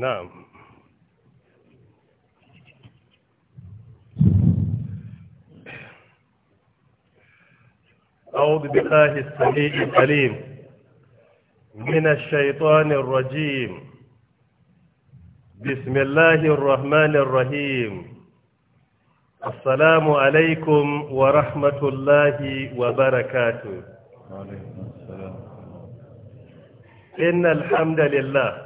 نعم أعوذ بالله السميع العليم من الشيطان الرجيم بسم الله الرحمن الرحيم السلام عليكم ورحمة الله وبركاته وعليكم السلام إن الحمد لله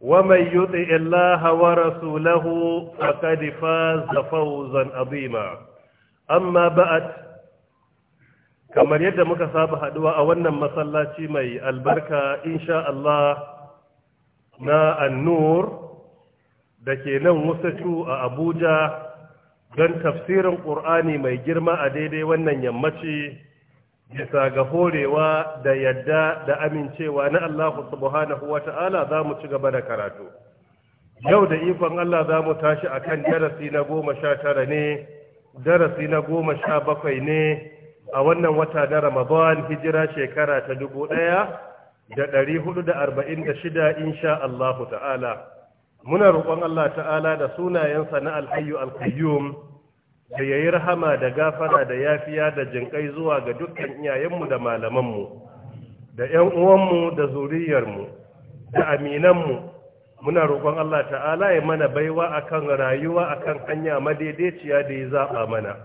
ومن يطع الله ورسوله فقد فاز فوزا عظيما أما بعد kamar yadda muka saba haduwa a wannan masallaci mai albarka insha Allah na annur da ke nan wasatu a Abuja don tafsirin Ƙur'ani mai girma a daidai wannan yammaci bisa ga horewa da yadda da amincewa na Allah subhanahu wa ta'ala za mu ci gaba da karatu yau da ikon Allah za mu tashi a kan darasi na goma sha tara ne darasi na goma sha bakwai ne a wannan wata na ramadan hijira shekara ta dubu ɗaya da ɗari hudu da arba'in da shida insha Allah ta'ala muna roƙon Allah ta'ala da sunayensa na Alhayu alkayyum da ya yi rahama da gafara da yafiya da jinƙai zuwa ga dukkan iyayenmu da malamanmu da 'yan uwanmu da zuriyarmu da aminanmu muna roƙon Allah ta'ala ya mana baiwa akan rayuwa akan hanya madaidaiciya da ya zaɓa mana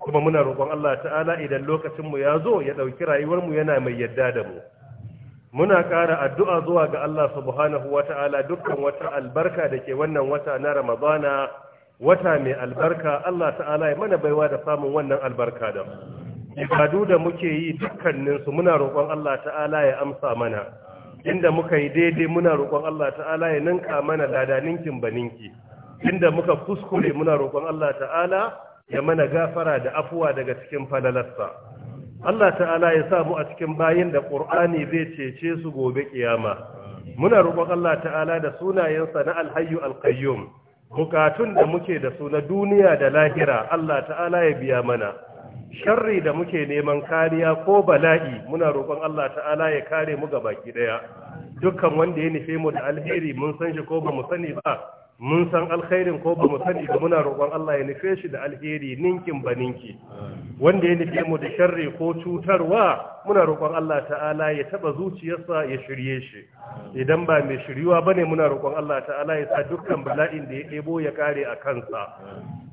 kuma muna roƙon Allah ta'ala idan lokacinmu ya zo ya ɗauki rayuwarmu yana mai yadda da mu muna ƙara addu'a zuwa ga Allah subhanahu wa ta'ala dukkan wata albarka da ke wannan wata na Ramadana wata mai albarka Allah ta'ala ya mana baiwa da samun wannan albarka da ibadu da muke yi dukkaninsu muna roƙon Allah ta'ala ya amsa mana inda muka yi daidai muna roƙon Allah ta'ala ya ninka mana ladaninkin baninki inda muka kuskure muna roƙon Allah ta'ala ya mana gafara da afuwa daga cikin falalarsa Allah ta'ala ya samu a cikin bayin da Qur'ani zai cece su gobe kiyama muna roƙon Allah ta'ala da sunayensa na Al-Hayyu Al-Qayyum bukatun da muke da su na duniya da lahira Allah ta'ala ya biya mana sharri da muke neman kariya ko bala'i muna roƙon Allah ta'ala ya kare mu gaba ki daya dukkan wanda ya nufe mu da alheri mun san shi ko ba mu sani ba mun san alkhairin ko ba mu sani da muna roƙon Allah ya nufe shi da alheri ninkin ba ninki wanda ya nufe mu da sharri ko cutarwa muna roƙon Allah ta'ala ya taba zuciyarsa ya shirye shi idan ba mai shiryuwa bane muna roƙon Allah ta'ala ya sa dukkan bala'in da ya ɗebo ya kare a kansa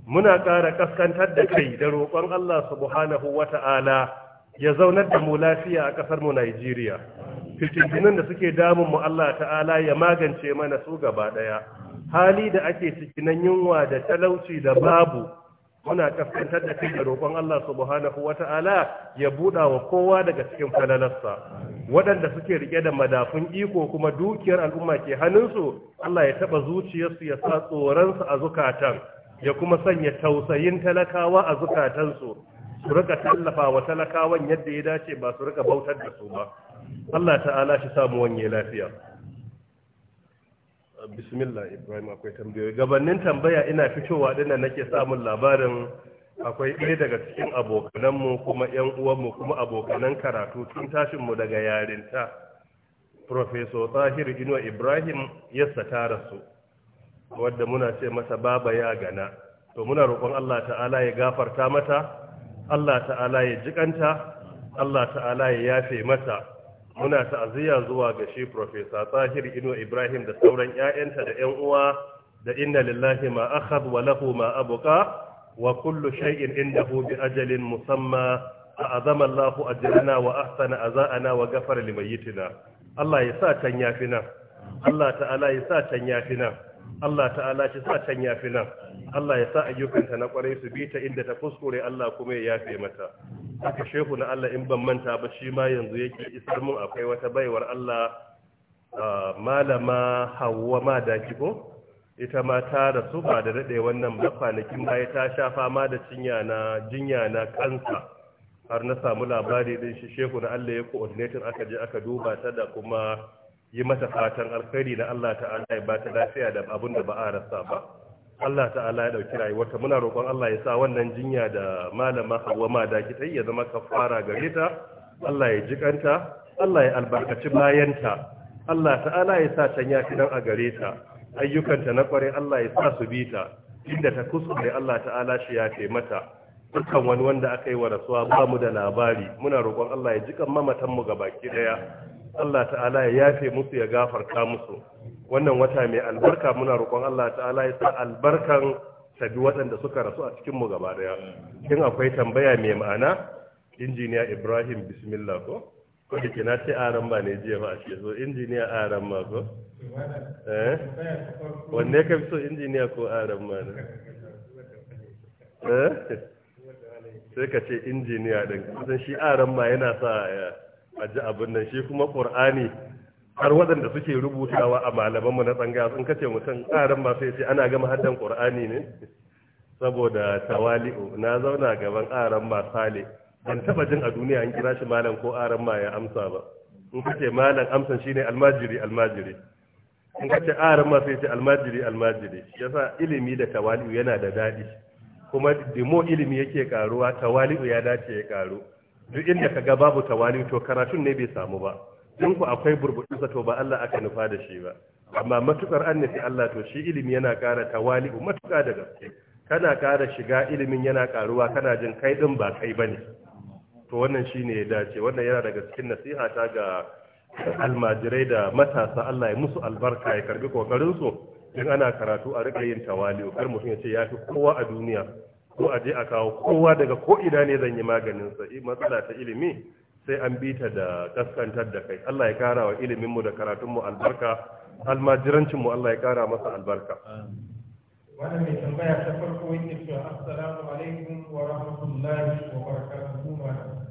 muna ƙara ƙaskantar da kai da roƙon Allah subhanahu ta'ala ya zaunar da mu lafiya a ƙasar mu Najeriya fitintunan da suke damun mu Allah ta'ala ya magance mana su gaba ɗaya hali da ake ciki na yunwa da talauci da babu muna kaskantar da kai da roƙon Allah subhanahu ta'ala ya buɗa wa kowa daga cikin falalarsa waɗanda suke rike da madafun iko kuma dukiyar al'umma ke hannunsu Allah ya taɓa zuciyarsu ya sa tsoronsu a zukatan ya kuma sanya tausayin talakawa a zukatansu su rika tallafa wa talakawan yadda ya dace ba su rika bautar da su ba Allah ta'ala shi samu wanye lafiya bismillah ibrahim akwai tambayoyi gabanin tambaya ina fitowa dinnan nake samun labarin akwai ɗaya daga cikin abokananmu kuma yan uwanmu kuma abokanan karatu tun tashin mu daga yarinta professor tahir inuwa ibrahim yassa ta rasu wadda muna ce masa baba ya gana to muna roƙon allah ta'ala ya gafarta mata allah ta'ala ya jikanta allah ta'ala ya yafe mata muna ta'aziyya zuwa ga shi Profesa Tahir Ino Ibrahim da sauran ‘ya'yanta da ‘yan uwa da inna lillahi ma akhad wa lahu ma abuka wa kullu shay'in indahu bi ajalin musamma a azama Allahu ajrana wa ahsana azana wa ghafara limayyitina Allah ya sa tan yafi nan Allah ta'ala ya sa tan yafi nan Allah ta'ala shi sa can yafi nan Allah ya sa ayyukanta na kwarai su bi ta inda ta kuskure Allah kuma ya yafe mata haka shehu na Allah in ban manta ba shi ma yanzu yake isar mun akwai wata baiwar Allah malama Hawwa ma da ko ita ma ta rasu ba da daɗe wannan ba kwanakin baya ta sha fama da cinya na jinya na kansa har na samu labari din shi shehu na Allah ya coordinator aka je aka duba ta da kuma yi mata fatan alkhairi da Allah ta'ala ya ba ta lafiya da abin da ba a rasa ba Allah ta'ala ya dauki rayuwarta muna roƙon Allah ya sa wannan jinya da malama Hawwa ma da kitai ya zama kafara gare ta Allah ya jikanta Allah ya albarkaci bayanta Allah ta'ala ya sa can kidan dan a gare ta ayyukanta na kware Allah ya sa su bi inda ta kuskure Allah ta'ala shi ya ce mata dukkan wani wanda aka yi wa rasuwa ba mu da labari muna roƙon Allah ya jikan mamatan mu baki daya Allah ta'ala ya yafe musu ya gafarta musu wannan wata mai albarka muna roƙon Allah ta'ala ya sa albarkan ta bi waɗanda suka rasu a cikin mu gaba daya kin akwai tambaya mai ma'ana injiniya Ibrahim bismillah ko ko da na ce aran ba ne jiya ba a ce so injiniya aran ma ko eh wanne ka fi so injiniya ko aran ma ne eh sai ka ce injiniya din kusan shi aran ma yana sa a ji abin nan shi kuma ƙur'ani har waɗanda suke rubutawa a malamanmu na tsanga sun kace mutum Karin masu sai ana gama haddan ƙur'ani ne saboda tawali'u na zauna gaban aran ma sale ban taba jin a duniya an kira shi malam ko aran ma ya amsa ba in kace malam amsan shine almajiri almajiri in kace aran ma sai ce almajiri almajiri yasa ilimi da tawali'u yana da dadi kuma dimo ilimi yake karuwa tawali'u ya dace ya karu duk inda ka ga babu tawali to karatun ne bai samu ba in ku akwai sa to ba Allah aka nufa da shi ba amma matukar an Allah to shi ilimi yana ƙara tawali matuƙa da gaske kana ƙara shiga ilimin yana ƙaruwa kana jin kai ɗin ba kai bane to wannan shine ya dace wannan yana daga cikin nasiha ta ga almajirai da matasa Allah ya musu albarka ya karbi kokarin su in ana karatu a rika yin tawali'u kar mutum ya ce ya fi kowa a duniya ko a je a kawo kowa daga ko ina ne zan yi maganin sa matsala ta ilimi sai an bi ta da kaskantar da kai Allah ya kara wa ilimin da karatunmu albarka almajirancin Allah ya kara masa albarka wannan mai tambaya ta farko yake cewa assalamu alaikum wa rahmatullahi wa barakatuhu malam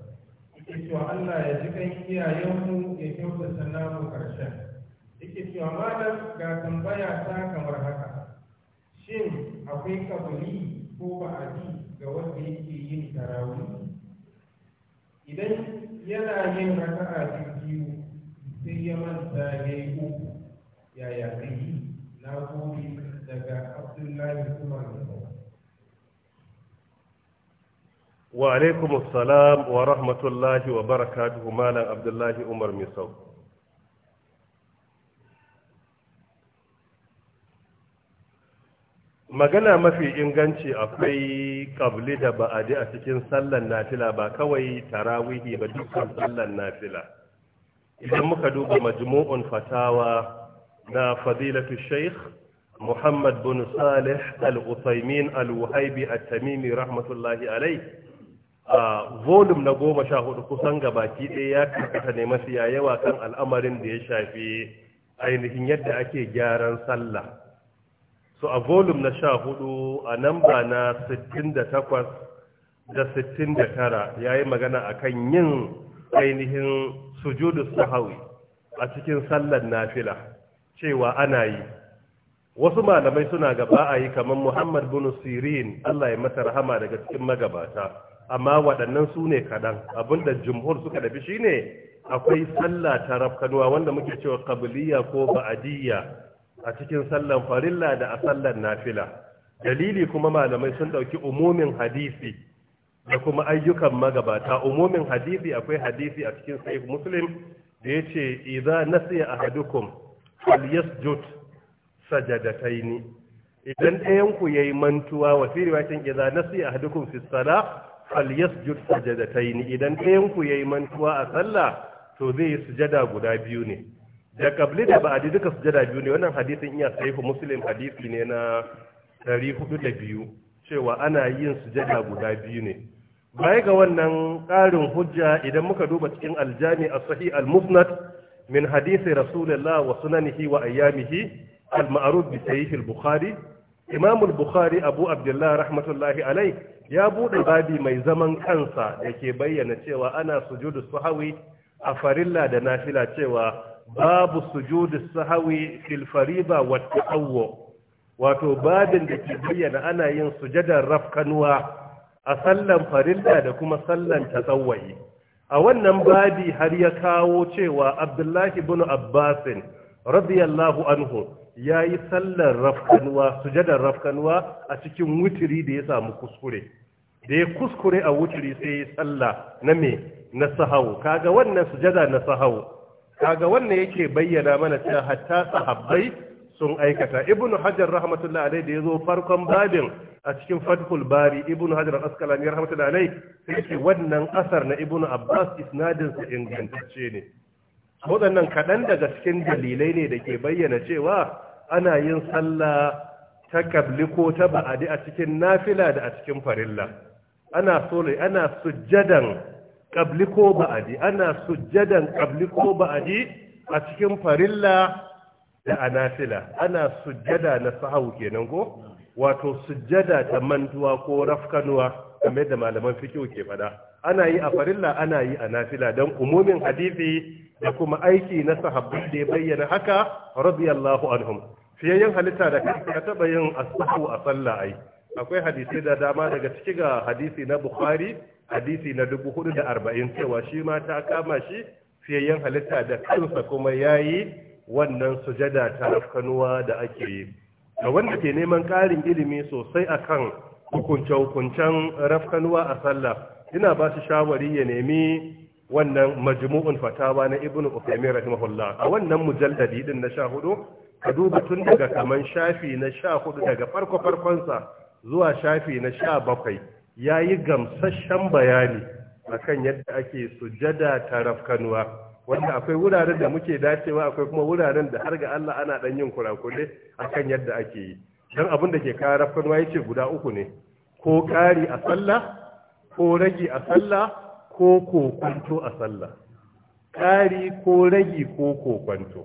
yake cewa Allah ya ji kan iyayenmu ya kyautata namu karshen yake cewa malam ga tambaya ta kamar haka shin akwai kaburi ko ba a ji ga wanda yake yin tarawih idan yana yin raka'a biyu sai ya manta ya yi uku yaya zai yi na gobe daga abdullahi kuma umar wa alaikum assalam wa rahmatullahi wa barakatuhu malam abdullahi umar misau magana mafi inganci akwai kabli da ba'adi a cikin sallan nafila ba kawai tarawihi ba dukkan sallan nafila idan muka duba majmu'un fatawa na fadilatu sheikh muhammad bin salih al-usaimin al wuhaibi at-tamimi rahmatullahi alai a volume na goma sha hudu kusan gabaki ɗaya ya karkata ne mafi yawa kan al'amarin da ya shafi ainihin yadda ake gyaran sallah so a volume na sha hudu a namba na 68 da tara ya yi magana a kan yin ainihin sujudu sahawi a cikin sallar nafila cewa ana yi wasu malamai suna gaba a yi kamar muhammad bin sirin allah ya masa rahama daga cikin magabata amma waɗannan su ne kaɗan abinda jumhur suka dabi shine akwai sallah ta rafkanuwa wanda muke cewa kabiliya ko ba'adiyya a cikin sallan farilla da a sallan nafila dalili kuma malamai sun dauki umumin hadisi da kuma ayyukan magabata umumin hadisi akwai hadisi a cikin sahih muslim da yace idza nasiya ahadukum falyasjud sajadatayn idan ɗayan ku yayi mantuwa wa fi riwayatin idza nasiya ahadukum fi salah falyasjud sajadatayn idan ɗayan ku yayi mantuwa a sallah to zai yi sujada guda biyu ne da kabli da ba'adi duka sujada biyu ne wannan hadisin iya sahihu muslim hadisi ne na 402 cewa ana yin sujada guda biyu ne baya ga wannan ƙarin hujja idan muka duba cikin aljami a sahi al-musnad min hadisi rasulullah wa sunanihi wa ayyamihi al-ma'ruf bi sahih al-bukhari imam al-bukhari abu abdullah rahmatullahi alai ya bude babi mai zaman kansa da ke bayyana cewa ana sujudu sahawi a farilla da nafila cewa babu sujudi sahawi fil fariba wa ta'awwu wato babin da ke bayyana ana yin sujadar rafkanuwa a sallan farilla da kuma sallan tasawwayi a wannan babi har ya kawo cewa Abdullahi ibn Abbasin radiyallahu anhu yayi sallar rafkanuwa sujadar rafkanuwa a cikin wutiri da ya samu kuskure da ya kuskure a wutiri sai ya salla na me na sahau kaga wannan sujada na sahau kaga wannan yake bayyana mana cewa hatta sahabbai sun aikata ibnu hajar rahmatullahi alaihi da yazo farkon babin a cikin fathul bari ibnu hajar asqalani rahmatullahi alaihi sai yake wannan asar na ibnu abbas isnadin sa ingantacce ne waɗannan kaɗan daga cikin dalilai ne da ke bayyana cewa ana yin sallah ta kabli ko ta ba'adi a cikin nafila da a cikin farilla ana so ana sujjadan ƙabli ko ba'adi ana sujjadan ƙabli ko ba'adi a cikin farilla da anafila ana sujjada na sahau kenan ko wato sujjada ta mantuwa ko rafkanuwa game da malaman fiqh ke fada ana yi a farilla ana yi a nafila don umumin hadisi da kuma aiki na sahabbai da ya bayyana haka radiyallahu anhum fiyayyen halitta da ka taba yin asahu a sallah ai akwai hadisi da dama daga ciki ga hadisi na bukhari hadisi na dubu hudu da arba'in cewa shi ma ta kama shi fiyayyen halitta da kansa kuma ya yi wannan sujada ta rafkanuwa da ake yi ga wanda ke neman ƙarin ilimi sosai a kan hukunce-hukuncen rafkanuwa a sallah ina ba su shawari ya nemi wannan majmu'un fatawa na ibnu ufemi rahimahullah a wannan mujalladi din na hudu ka duba tun daga kaman shafi na sha hudu daga farko farkonsa zuwa shafi na sha bakwai. ya yi gamsashen bayani akan yadda ake sujada ta rafkanuwa wanda akwai wuraren da muke dacewa akwai kuma wuraren da har ga Allah ana dan yin kurakure akan yadda ake yi dan abin da ke kawo rafkanuwa yace guda uku ne ko kari a sallah ko ragi a sallah ko kokonto a sallah kari ko ragi ko kokonto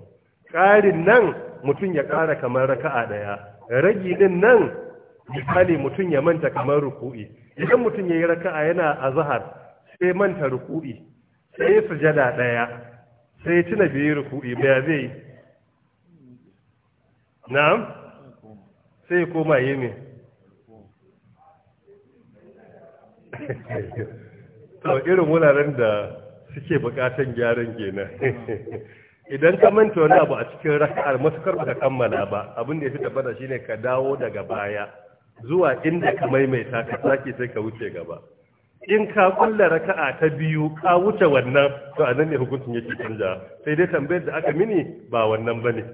karin nan mutum ya kara kamar raka'a daya ragi din nan misali mutum ya manta kamar ruku'i idan mutum ya yi raka'a yana a sai manta ruku'i sai ya sujada ɗaya sai ya tuna biyu ruku'i ba zai na'am sai ya koma yi to irin wuraren da suke bukatan gyaran kenan idan ka manta wani abu a cikin raka'ar matukar ba ka kammala ba abin da ya fi tabbata shine ka dawo daga baya zuwa inda ka maimaita ka sake sai ka wuce gaba in ka kulla raka'a ta biyu ka wuce wannan to a nan ne hukuncin yake canja sai dai tambayar da aka mini ba wannan ba ne.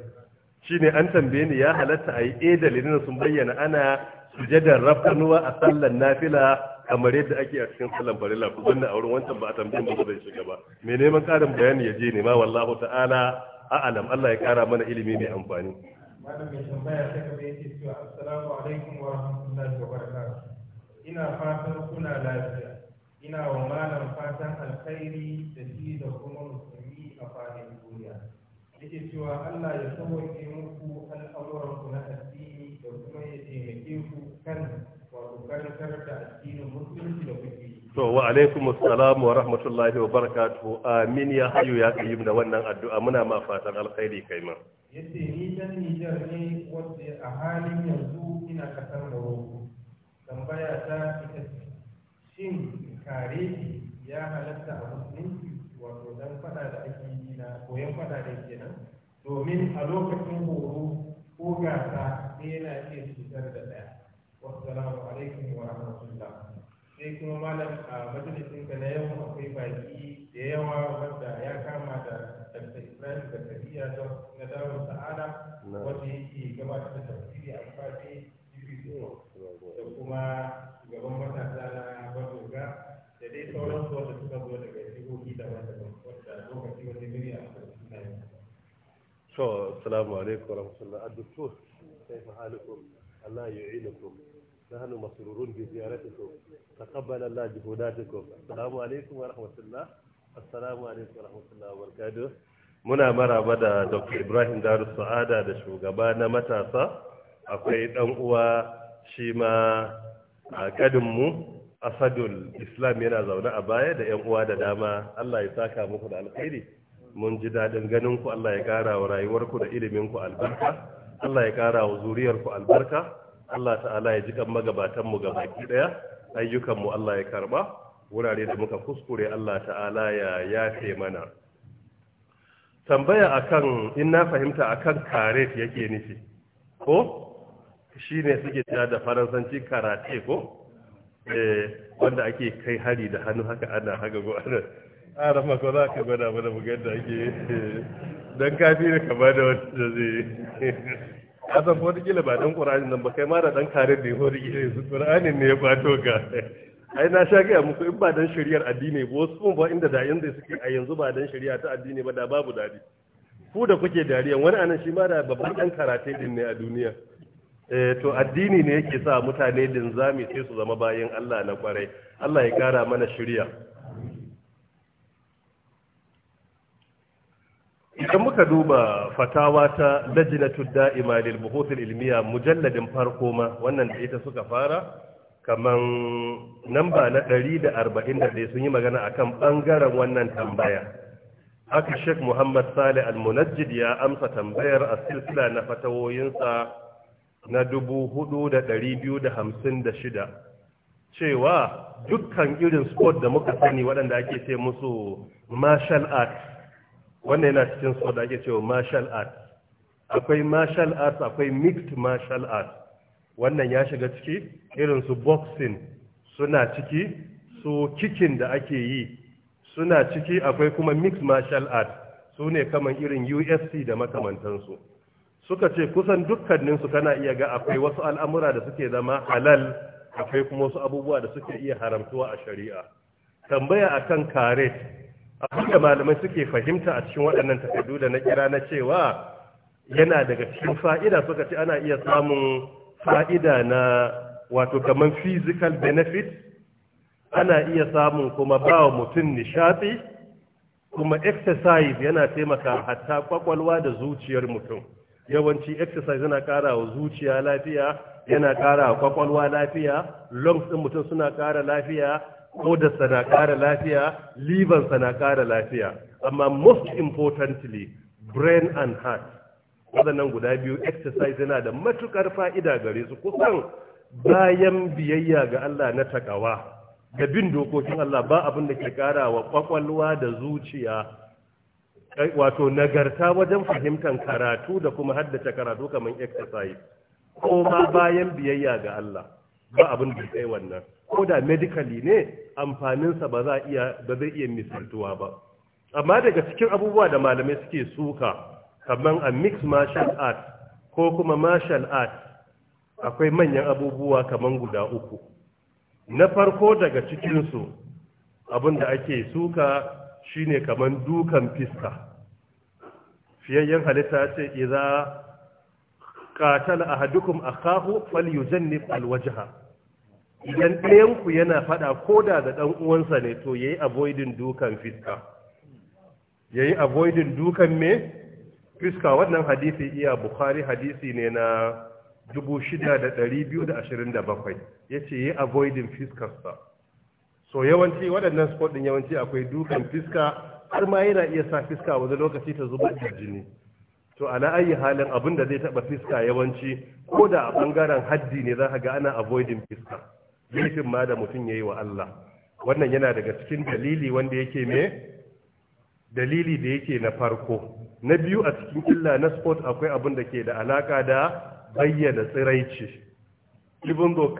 Shi ne an tambaye ni ya halatta a yi e dalilin sun bayyana ana sujadar rafkanuwa a sallan nafila kamar yadda ake a cikin sallan farilla ku zanna a wurin wancan ba a tambayin ba zai shiga ba me neman karin bayani ya je ne ma wallahu ta'ala a'alam Allah ya kara mana ilimi mai amfani malam mai tambaya ta gaba yake cewa assalamu alaikum wa rahmatullahi wa barakatuh ina fatan kuna lafiya ina wa malam fatan alkhairi da shi da kuma musulmi a fadin duniya yake cewa Allah ya sauke muku al'amuran ku na addini da kuma ya taimake ku kan wato karantar da addinin musulunci da kuke to wa alaikum assalam wa rahmatullahi wa barakatuhu amin ya hayu ya kayyum da wannan addu'a muna ma fatan alkhairi kai ma yace ni dan Niger ne wanda a halin yanzu ina kasar Morocco tambaya ta ita shin kare ya halatta a musulunci wato dan fada da ake yi na koyan fada da kenan domin a lokacin horo ko gasa sai yana iya cutar da ɗaya. wassalamu alaikum wa rahmatullahi sai kuma malam a majalisin ka na yau akwai baki da yawa wanda ya kama da dr ibrahim don na dawon sa'ada wanda yake gabata da tafsiri a fafe da kuma gaban matasa na bazoga da dai sauran su wanda suka zo daga jihohi da daban wanda lokaci wani miri a suna yi. So, assalamu alaikum warahmatullahi wabarakatuh. Kaifa halukum? Allah yu'inukum. نحن مسرورون بزيارتكم تقبل الله جهوداتكم السلام عليكم ورحمة الله السلام عليكم ورحمة الله وبركاته muna maraba da dr ibrahim daru sa'ada da shugaba na matasa akwai dan uwa shima ma a kadinmu asadul islam yana zaune a baya da yan uwa da dama allah ya saka muku da alkhairi mun ji daɗin ganin ku allah ya ƙara wa rayuwarku da iliminku albarka allah ya ƙara wa zuriyarku albarka Allah ta'ala ya ji kan magabatan mu baki daya ayyukan mu Allah ya karba wurare da muka kuskure Allah ta'ala ya yafe mana tambaya akan in na fahimta akan karet yake nufi ko shine suke cewa da faransanci karate ko eh wanda ake kai hari da hannu haka ana haka go ana ara mako za ka gwada mana ga da ake dan kafi ne ka bada wata zai kasan wani gila ba dan ƙura'ani nan ba kai ma da dan karin da yau gila su ƙura'ani ne ya bato ga ai na sha gaya muku in ba dan shari'ar addini ba wasu ba inda da yanzu suke a yanzu ba dan shari'a ta addini ba da babu dadi ku da kuke dariya wani anan shi ma da babban dan karate din ne a duniya eh to addini ne yake sa mutane linzami sai su zama bayan Allah na kwarai Allah ya kara mana shirya. idan muka duba fatawa ta lajinatul da'ima lil al ilmiya mujalladin farko ma wannan da ita suka fara kaman namba na 141 sun yi magana akan bangaren wannan tambaya haka Sheikh Muhammad Saleh Al-Munajjid ya amsa tambayar a silsila na fatawoyinsa na 4256 cewa dukkan irin sport da muka sani waɗanda ake ce musu martial arts wannan yana cikin sau da ake cewa martial arts akwai martial arts akwai mixed martial arts wannan ya shiga ciki irin su boxing suna ciki su kikin da ake yi suna ciki akwai kuma mixed martial arts su ne kaman irin UFC da makamantansu suka ce kusan dukkaninsu kana iya ga akwai wasu al'amura da suke zama halal akwai kuma wasu abubuwa da suke iya haramtuwa a shari'a tambaya akan karet abinda malamai suke fahimta a cikin waɗannan takardu da na kira na cewa yana daga cikin fa'ida suka ce ana iya samun fa'ida na wato kamar physical benefit ana iya samun kuma ba wa mutum nishaɗi kuma exercise yana taimaka hatta kwakwalwa da zuciyar mutum yawanci exercise yana ƙara wa zuciya lafiya yana ƙara wa kwakwalwa lafiya lungs ɗin mutum suna ƙara lafiya kodarsa na ƙara lafiya libansa na ƙara lafiya amma most importantly brain and heart waɗannan guda biyu exercise yana da matukar fa'ida gare su kusan bayan biyayya ga Allah na takawa ga bin dokokin Allah ba abin da ke ƙara wa ƙwaƙwalwa da zuciya eh, wato nagarta wajen fahimtar karatu da kuma haddace karatu kamar exercise ko ma bayan biyayya ga Allah ba abin da tsaye wannan ko da medically ne amfaninsa ba za iya zai iya misaltuwa ba amma daga cikin abubuwa da malamai suke suka kaman a mixed martial art ko kuma martial art akwai manyan abubuwa kaman guda uku na farko daga cikinsu abinda ake suka shine kaman dukan fiska fiyayyen halitta ce iza katal ahadukum akahu falyujannib alwajha idan ɗayanku yana faɗa ko da da ɗan uwansa ne to yayi avoiding dukan fiska yayi avoiding dukan me fiska wannan hadisi iya bukhari hadisi ne na 6227 yace yayi avoiding fiskarsa so yawanci waɗannan sport din yawanci akwai dukan fiska har ma yana iya sa fiska wani lokaci ta zuba jini to ala ayi halin abin da zai taba fiska yawanci koda a bangaren haddi ne zaka ka ga ana avoiding fiska laifin ma da mutum ya yi wa Allah wannan yana daga cikin dalili wanda yake me dalili da yake na farko na biyu a cikin illa na sport akwai abin da ke da alaka da bayyana tsiraici ibn do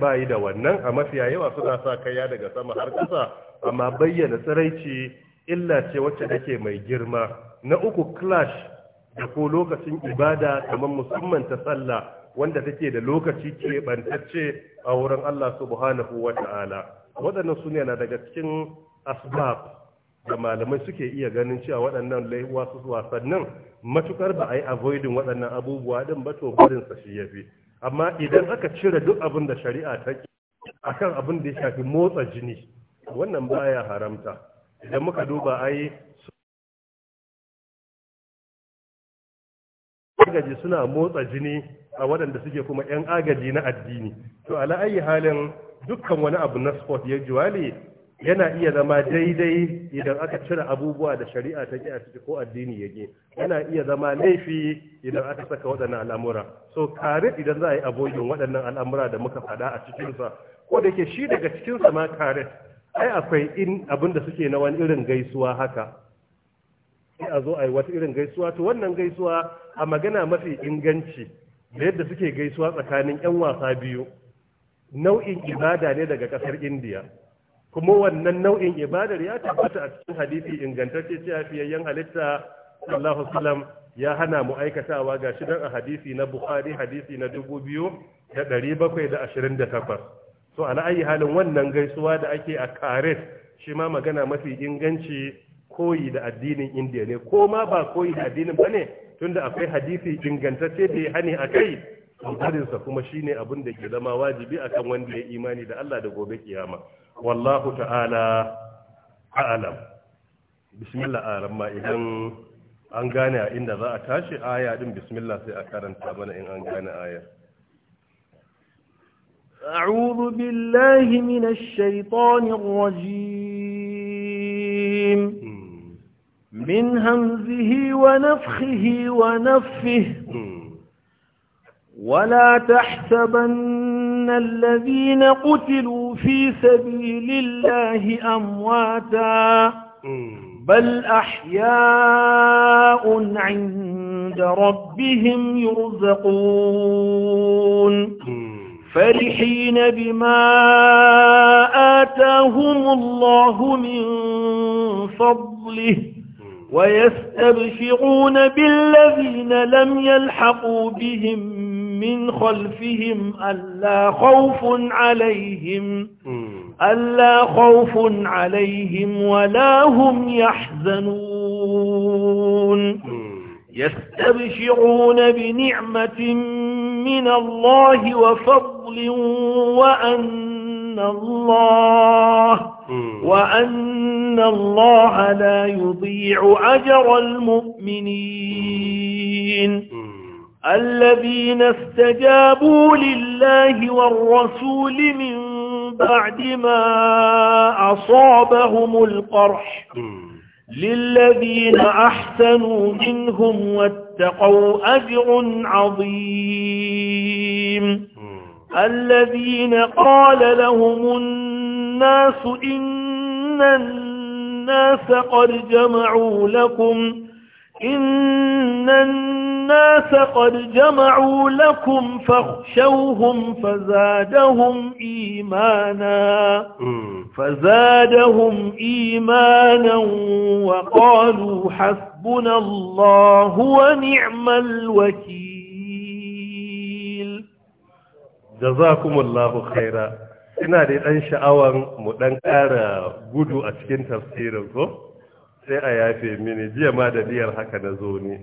ba yi da wannan a mafiya yawa suna sa kaya daga sama har ƙasa amma bayyana tsiraici illa ce wacce take mai girma na uku clash da ko lokacin ibada kamar musamman ta sallah wanda take da lokaci keɓantacce a wurin Allah subhanahu wa ta'ala waɗannan su na daga cikin asbab da malamai suke iya ganin cewa waɗannan wasu wasannin matukar ba a yi avoidin waɗannan abubuwa ɗin ba to barinsa shi ya fi amma idan aka cire duk abin da shari'a ta ke akan abin da ya shafi motsa jini wannan baya haramta idan muka duba ai agaji suna motsa jini a waɗanda suke kuma 'yan agaji na addini to ala ayi halin dukkan wani abu na sport ya juwali yana iya zama daidai idan aka cire abubuwa da shari'a ta ke a ciki ko addini ya ke. yana iya zama laifi idan aka saka waɗannan al'amura so kare idan za a yi abokin waɗannan al'amura da muka faɗa a cikinsa ko da ke shi daga cikinsa ma kare ai akwai in abin da suke na wani irin gaisuwa haka sai a zo a yi wata irin gaisuwa to wannan gaisuwa a magana mafi inganci da yadda suke gaisuwa tsakanin 'yan wasa biyu nau'in ibada ne daga kasar indiya kuma wannan nau'in ibadar ya tabbata a cikin hadisi ingantacce cewa fiyayyen halitta sallallahu alaihi ya hana mu aikatawa ga shidan a hadisi na bukhari hadisi na dubu biyu da ɗari bakwai da ashirin da takwas so ala ayi halin wannan gaisuwa da ake a karet shi ma magana mafi inganci koyi da addinin indiya ne ko ma ba koyi da addinin ba ne tunda akwai hadisi ingantacce da ya hani a kai alharinsa kuma shi ne abin da ke zama wajibi a kan wanda ya imani da Allah da gobe kiyama wallahu ta'ala a'alam bismillah aramma idan an gane a inda za a tashi aya din bismillah sai a karanta mana in an gane aya أعوذ بالله من الشيطان الرجيم من همزه ونفخه ونفه ولا تحسبن الذين قتلوا في سبيل الله أمواتا بل أحياء عند ربهم يرزقون فرحين بما آتاهم الله من فضله ويستبشرون بالذين لم يلحقوا بهم من خلفهم ألا خوف عليهم ألا خوف عليهم ولا هم يحزنون يستبشرون بنعمة من الله وفضل وأن الله وأن الله لا يضيع أجر المؤمنين الذين استجابوا لله والرسول من بعد ما أصابهم القرح للذين أحسنوا منهم واتقوا أجر عظيم الذين قال لهم الناس إن الناس قد جمعوا لكم إن الناس قد جمعوا لكم فاخشوهم فزادهم إيمانا فزادهم إيمانا وقالوا حسبنا الله ونعم الوكيل jazakumullahu khaira ina da dan sha'awan mu dan ƙara gudu a cikin tafsirin ko sai a yafe mini jiya ma da diyar haka na zo ne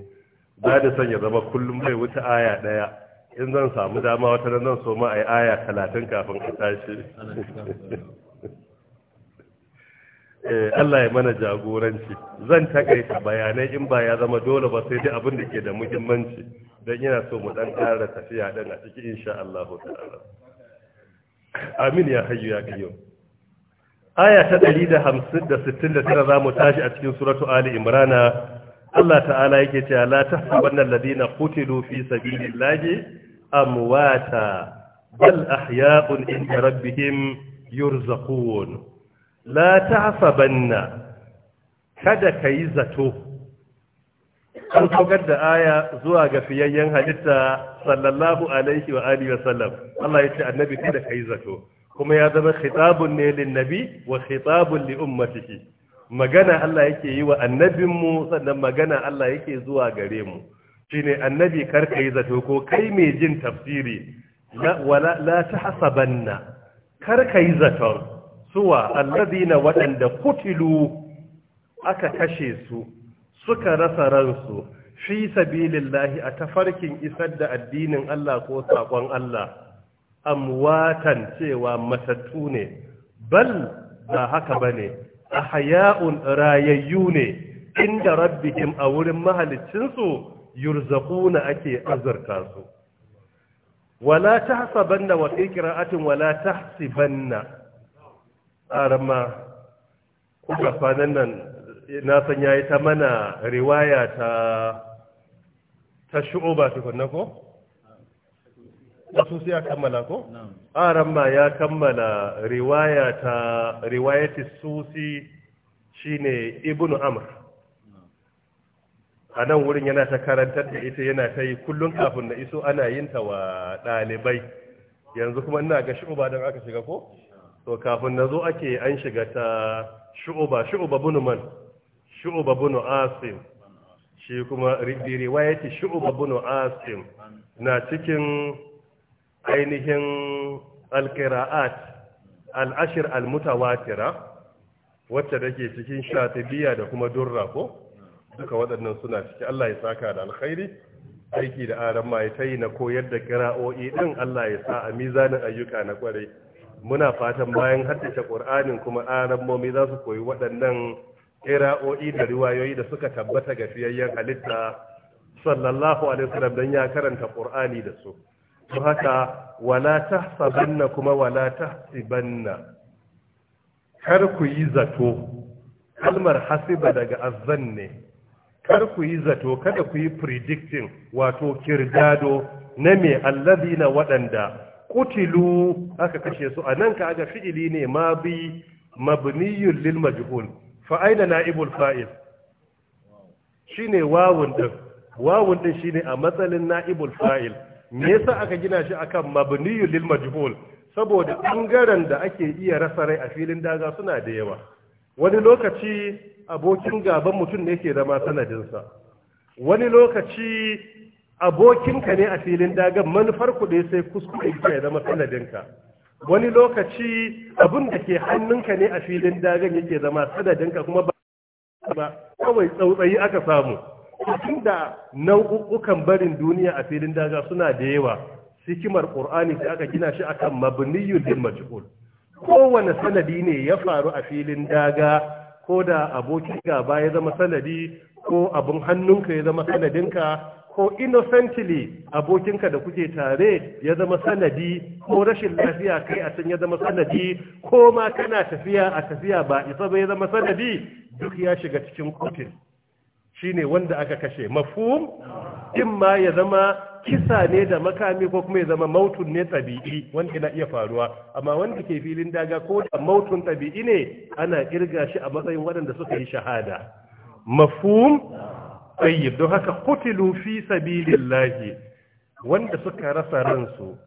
ba da son ya zama kullum bai wuce aya daya in zan samu dama wata nan zan so ma ai aya talatin kafin a tashi eh, Allah ya mana jagoranci zan takaita bayanai in ba ya zama dole ba sai dai abin da ke da muhimmanci don yana so mu dan ƙara tafiya ɗan a ciki insha Allah ta'ala amin ya hayyu ya qayyum aya ta tara za mu tashi a cikin suratu ali imrana Allah ta'ala yake cewa la tahsabanna alladhina qutilu fi sabilillahi amwata bal ahya'un inda rabbihim yurzaqun la tahsabanna kada yi zato an saukar da aya zuwa ga fiyayyen halitta sallallahu alaihi wa alihi wa sallam Allah ya ce annabi kada kai zato kuma ya zama khitabun ne lin nabi wa khitabun li ummatihi magana Allah yake yi wa annabin mu sannan magana Allah yake zuwa gare mu shine annabi kar kai zato ko kai mai jin tafsiri la wala la tahsabanna kar kai zato suwa alladina wadanda kutilu aka kashe su suka rasa ransu fi sabilillahi a tafarkin isar da addinin Allah ko saƙon Allah amwatan cewa matattu ne bal ba haka bane haya'un rayayyu ne inda rabbihim a wurin mahaliccinsu yurzaquna ake azurta su wala tahsabanna wa fi qira'atin wala tahsibanna arma kuka fanan nan na san yayi ta mana riwaya ta ta shu'uba tukunna ko wasu ya kammala ko aran ma ya kammala riwaya ta riwayati susi shine ibnu amr a nan wurin yana ta karantar da ita yana ta yi kullum kafin na iso ana yin ta wa ɗalibai yanzu kuma ina ga shu'uba don aka shiga ko to kafin na zo ake an shiga ta shu'uba shu'uba man. shu'uba bin asim shi kuma asim na cikin ainihin alqira'at al-ashr al wacce take cikin shatibiya da kuma durra ko duka waɗannan suna ciki Allah ya saka da alkhairi aiki da aran ma ya tayi na koyar da qira'o'i din Allah ya sa a mizanin ayyuka na kwarai muna fatan bayan haddace Qur'anin kuma aran momi za su koyi waɗannan kira'o'i da riwayoyi da suka tabbata ga fiyayyen halitta sallallahu alaihi wasallam dan ya karanta qur'ani da su to haka wala tahsabanna kuma wala tahsibanna kar ku yi zato kalmar hasiba daga azzanne kar ku yi zato kada ku yi predicting wato kirdado na me alladina waɗanda kutilu aka kashe su anan ka ga fi'ili ne ma bi mabniyun lil majhul fa'aina na'ibul fa'il shine wawun din wawun din shine a matsalin na'ibul fa'il me yasa aka gina shi akan mabniyul lil majhul saboda bangaren da ake iya rasa rai a filin daga suna da yawa wani lokaci abokin gaban mutum ne ke zama sanadinsa wani lokaci abokinka ne a filin dagan manufar kuɗi sai kuskure ya zama sanadinka wani lokaci abin da ke hannunka ne a filin dagan yake zama sadadinka kuma ba kawai tsautsayi aka samu tun da nau'ukan barin duniya a filin daga suna da yawa sikimar qur'ani da aka gina shi akan mabniyyun lil majhul kowane sanadi ne ya faru a filin daga ko da abokin gaba ya zama sanadi ko abin hannunka ya zama sanadinka ko innocently abokinka da kuke tare ya zama sanadi ko rashin lafiya kai a can ya zama sanadi ko ma kana tafiya a tafiya ba isa ba ya zama sanadi duk ya shiga cikin kotun shine wanda aka kashe mafhum ma ya zama kisa ne da makami ko kuma ya zama mautun ne tabi'i wanda na iya faruwa amma wanda ke filin daga ko da mautun tabi'i ne ana kirga shi a matsayin waɗanda suka yi shahada mafhum tayyib don haka kutilu fi sabilillahi wanda suka rasa ransu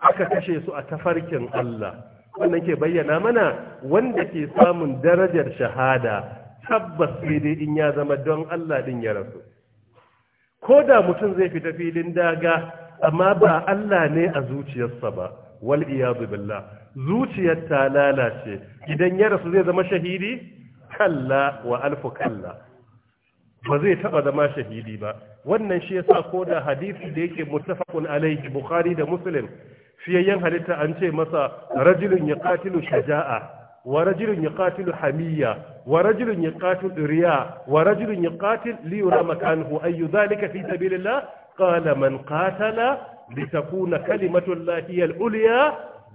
aka kashe su a tafarkin Allah wannan ke bayyana mana wanda ke samun darajar shahada tabbas ne dai in ya zama don Allah din ya rasu ko da mutum zai fita filin daga amma ba Allah ne a zuciyarsa ba wal iyadu billah zuciyar ta lalace idan ya rasu zai zama shahidi kalla wa alfu kalla ba zai taba zama shahidi ba wannan shi yasa ko da hadisi da yake muttafaqun alayhi bukhari da muslim fiyayyen halitta an ce masa rajulun yaqatilu shaja'a wa rajulun yaqatilu hamiyya wa rajulun yaqatilu riya wa rajulun yaqatil li yura makanhu ayu dhalika fi sabilillah qala man qatala litakuna kalimatu llahi al-ulya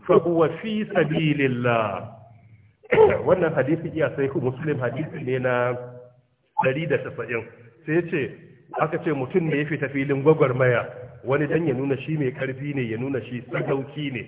fa huwa fi sabilillah wannan hadisi ya sai muslim hadisi ne na 170 sai ce aka ce mutum ne ya fita filin gwagwarmaya wani dan ya nuna shi mai karfi ne ya nuna shi sadauki ne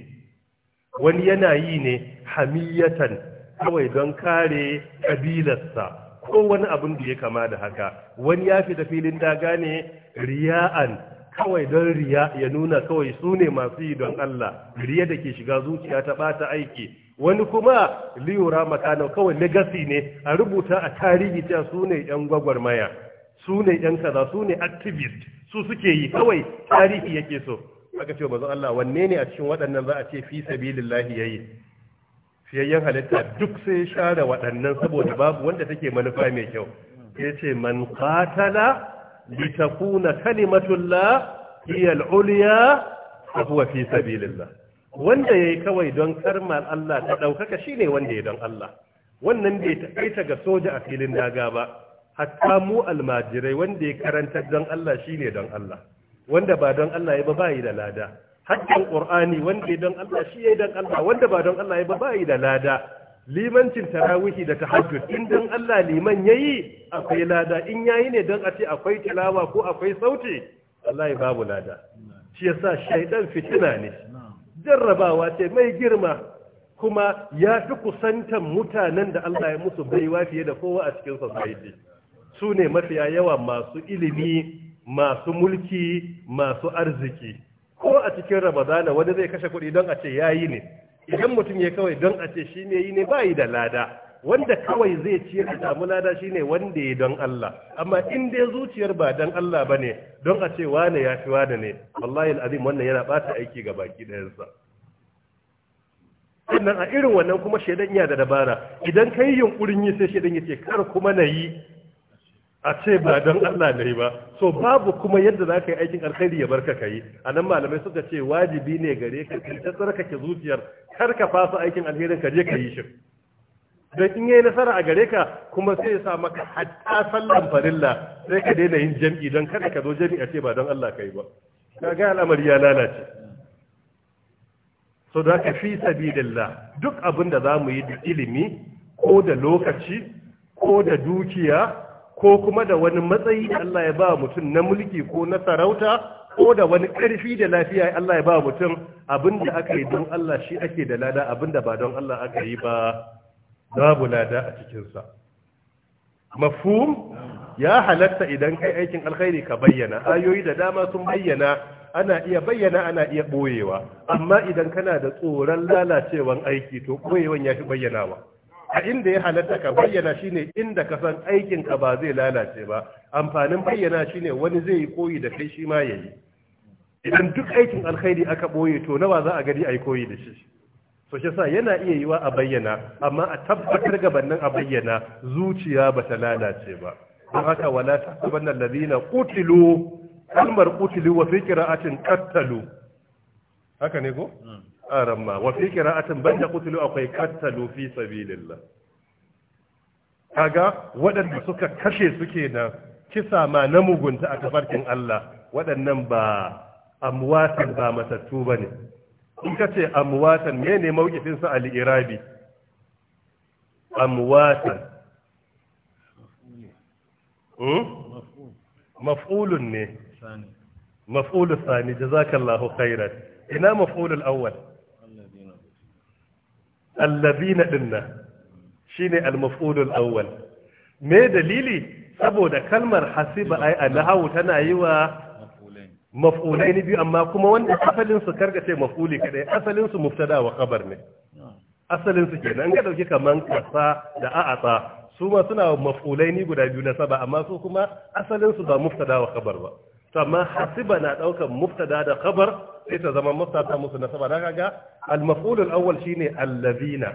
wani yana yi ne hamiyatan kawai don kare kabilarsa ko wani abin da ya kama da haka wani ya fita filin daga ne riya'an kawai don riya ya nuna kawai su ne masu yi don Allah riya da ke shiga zuciya ta bata aiki wani kuma liyura makano kawai legacy ne a rubuta a tarihi ta su ne yan gwagwarmaya su ne yan kaza su ne activist su suke yi kawai tarihi yake so aka ce manzon Allah wanne ne a cikin waɗannan za a ce fi sabilillahi yayi fiyayyen halitta duk sai share waɗannan saboda babu wanda take manufa mai kyau yace man qatala litakuna kalimatullah hiya al-ulya fa huwa fi sabilillah wanda yayi kawai don karmar Allah ta daukaka shine wanda yayi don Allah wannan bai taƙaita ga soja a filin daga ba hatta mu almajirai wanda ya karanta don Allah shine don Allah wanda ba don Allah ya ba bayi da lada hakkin qur'ani wanda don Allah shi yayi don Allah wanda ba don Allah ya ba bayi da lada limancin tarawihi da tahajjud in dan Allah liman yayi akwai lada in yayi ne dan a ce akwai tilawa ko akwai sauti ya babu lada shi yasa shaidan fitina ne jarrabawa ce mai girma kuma ya fi kusantan mutanen da Allah ya musu baiwa fiye da kowa a cikin society su ne mafiya yawa masu ilimi masu mulki masu arziki ko a cikin ramadana wani zai kashe kuɗi don a ce yayi ne idan mutum ya kawai don a ce shi ne yi ne ba yi da lada wanda kawai zai ci a samu lada shi ne wanda ya don Allah amma in dai zuciyar ba don Allah ba ne don a ce wane ya fi wane ne wallahi al'azim wannan yana ɓata aiki ga baki ɗayansa sannan a irin wannan kuma shaidan ya da dabara idan ka yi yunkurin yi sai shaidan ya ce kar kuma na yi a ce ba don Allah na ba so babu kuma yadda za ka yi aikin alkhairi ya barka ka yi a nan malamai suka ce wajibi ne gare ka ka tsarkake zuciyar kar ka fasa aikin alherin ka je ka yi shi don in yayi nasara a gare ka kuma sai ya sa maka hatta sallan farilla sai ka daina yin jam'i don kada ka zo jam'i a ce ba don Allah ka yi ba ka ga al'amari ya lalace so da ka fi sabilillah duk abin da za mu yi da ilimi ko da lokaci ko da dukiya ko kuma da wani matsayi Allah ya ba mutum na mulki ko na sarauta ko da wani ƙarfi da lafiya Allah ya ba mutum abinda aka yi don Allah shi ake da lada abinda ba don Allah aka yi ba babu lada a cikinsa mafhum ya halatta idan kai aikin alkhairi ka bayyana ayoyi da dama sun bayyana ana iya bayyana ana iya ɓoyewa. amma idan kana da tsoron lalacewan aiki to ɓoyewan ya fi bayyanawa a inda ya halatta ka bayyana shine inda ka san aikin ka ba zai lalace ba amfanin bayyana shine wani zai yi koyi da kai shi ma yi. idan duk aikin alkhairi aka boye to nawa za a gari ai koyi da shi so shi sa yana iya yiwa a bayyana amma a tabbatar ga bannan a bayyana zuciya ba ta lalace ba don haka wala tahsabanna alladhina qutilu kalmar qutilu wa fi qira'atin qattalu haka ne ko hmm. aramma wa fi ban banda kutulu akwai qatalu fi sabilillah kaga waɗanda suka kashe suke nan kisa ma na mugunta a tafarkin Allah waɗannan ba amwatan ba matattu bane in ka ce amwatan mene mawqifin sa al-irabi amwatan hmm? maf'ulun ne maf'ulun sani jazakallahu khairan ina maf'ulun awwal allazina dinna shine al-maf'ulul awwal me dalili saboda kalmar hasiba ai alhawu tana yi wa maf'ulaini biyu amma kuma wanda asalin su karga ce maf'uli kadai asalin su mubtada wa khabar ne asalin su kenan ga dauki kaman kasa da a'ata su ma suna maf'ulaini guda biyu na saba amma su kuma asalin su ba mubtada wa khabar ba to amma hasiba na daukan mubtada da khabar sai ta zama mustata musu nasaba da kaga al-maf'ul awwal shine allazina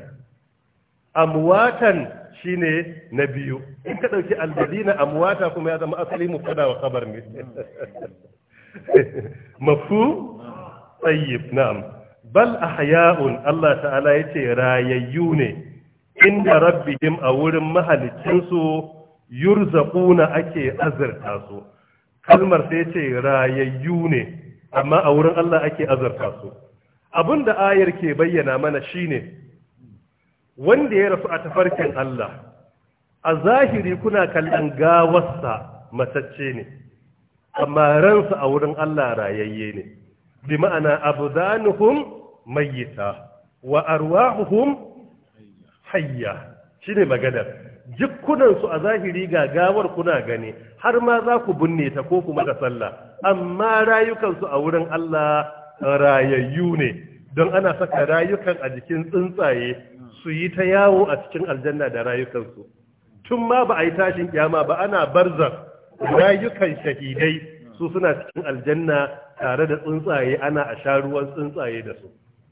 amwatan shine na biyu in ka dauki allazina amwata kuma ya zama asali mubtada wa khabar ne mafu tayyib na'am bal ahya'un Allah ta'ala yace rayayyu ne inda rabbihim a wurin mahalicinsu yurzaquna ake azurta su kalmar sai ce rayayyu ne amma a wurin Allah ake azarta su abin da ayar ke bayyana mana shine wanda ya rasu a tafarkin Allah a zahiri kuna kallon gawarsa matacce ne amma ransa a wurin Allah rayayye ne bi ma'ana abdanuhum mayyita wa arwahuhum hayya shine maganar jikkunansu a zahiri ga gawar kuna gani har ma za ku binne ta ko kuma da sallah amma rayukansu a wurin Allah rayayyu ne don ana saka rayukan a jikin tsuntsaye su yi ta yawo a cikin aljanna da rayukansu tun ma ba a yi tashin kyama ba ana barzan rayukan shahidai su suna cikin aljanna tare da tsuntsaye ana a sha ruwan tsuntsaye da su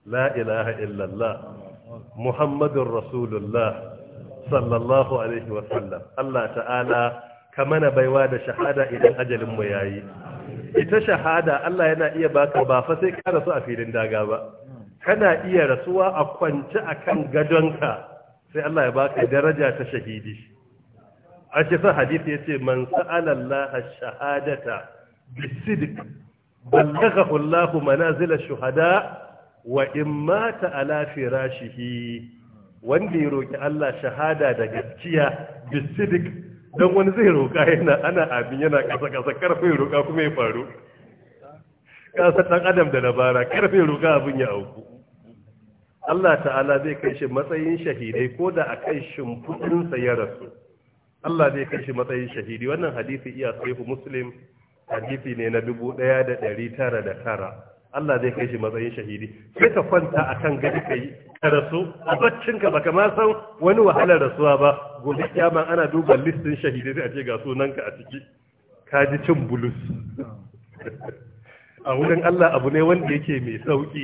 la ilaha illallah muhammadun rasulullah sallallahu alaihi wasallam Allah ta'ala ka mana baiwa da shahada idan ajalin mu yayi ita shahada Allah yana iya baka ba fa sai ka rasu a filin daga ba kana iya rasuwa a kwance akan gadonka sai Allah ya baka daraja ta shahidi a cikin hadisi yace man sa'ala Allah ash-shahadata bisidq ballaghahu Allah manazil ash-shuhada wa in mata ala firashihi wanda ya roki Allah shahada da gaskiya bisidik don wani zai roka yana ana abin yana kasa kasa karfe roka kuma ya faru kasa dan adam da dabara karfe roka abin ya auku Allah ta'ala zai kai shi matsayin shahidai ko da a kai shimfiɗinsa ya rasu Allah zai kai shi matsayin shahidi wannan hadisi iya sahihu muslim hadisi ne na dubu ɗaya da ɗari tara da tara Allah zai kai shi matsayin shahidi sai ka kwanta akan kan gadi ka ka rasu a baccinka baka ma san wani wahalar rasuwa ba gobe kiyama ana duba listin shahidai sai a ce ga sunanka a ciki ka ji cin bulus a wurin Allah abu ne wanda yake mai sauki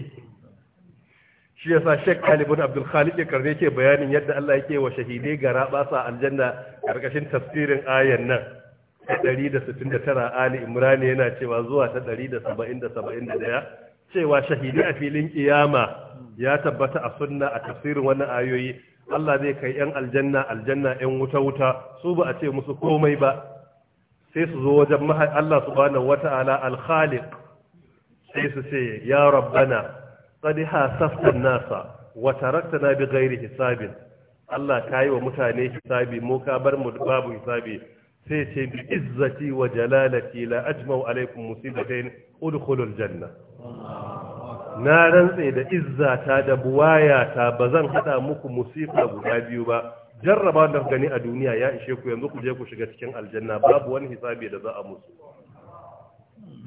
shi yasa Sheikh Khalid Abdul Khalid ya karbe yake bayanin yadda Allah yake wa shahidai gara sa aljanna karkashin tafsirin ayan nan 169 Ali Imran yana cewa zuwa ta 171 cewa shahidi a filin kiyama ya tabbata a sunna a tafsirin wannan ayoyi Allah zai kai yan aljanna aljanna yan wuta wuta su ba a ce musu komai ba sai su zo wajen Allah subhanahu wata'ala al-khaliq sai su ce ya rabbana qad hasafta an-nasa wa taraktana bi ghairi hisabin Allah kai wa mutane hisabi mu ka bar mu babu hisabi sai ce bi izzati wa jalalati la ajma'u alaykum musibatayn udkhulul janna na rantse da izzata da ta ba zan haɗa muku musifa guda biyu ba jarraba da gani a duniya ya ishe ku yanzu ku je ku shiga cikin aljanna babu wani hisabi da za a musu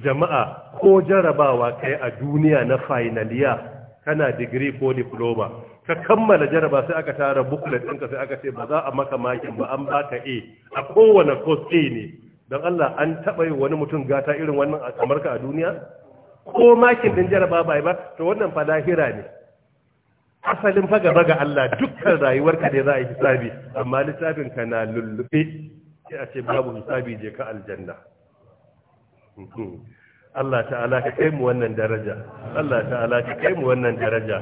jama'a ko jarrabawa kai a duniya na finaliya kana digiri ko diploma ka kammala jarraba sai aka tara booklet ɗinka sai aka ce ba za a maka makin ba an baka A a kowane course A ne don Allah an taba yi wani mutum gata irin wannan a kamar ka a duniya ko makin din jaraba bai ba to wannan fa lahira ne asalin fa gaba ga Allah dukkan rayuwarka ne za a yi hisabi amma littafin ka na lullube sai a ce babu hisabi je ka aljanna Allah ta'ala ka kai mu wannan daraja Allah ta'ala ka kai mu wannan daraja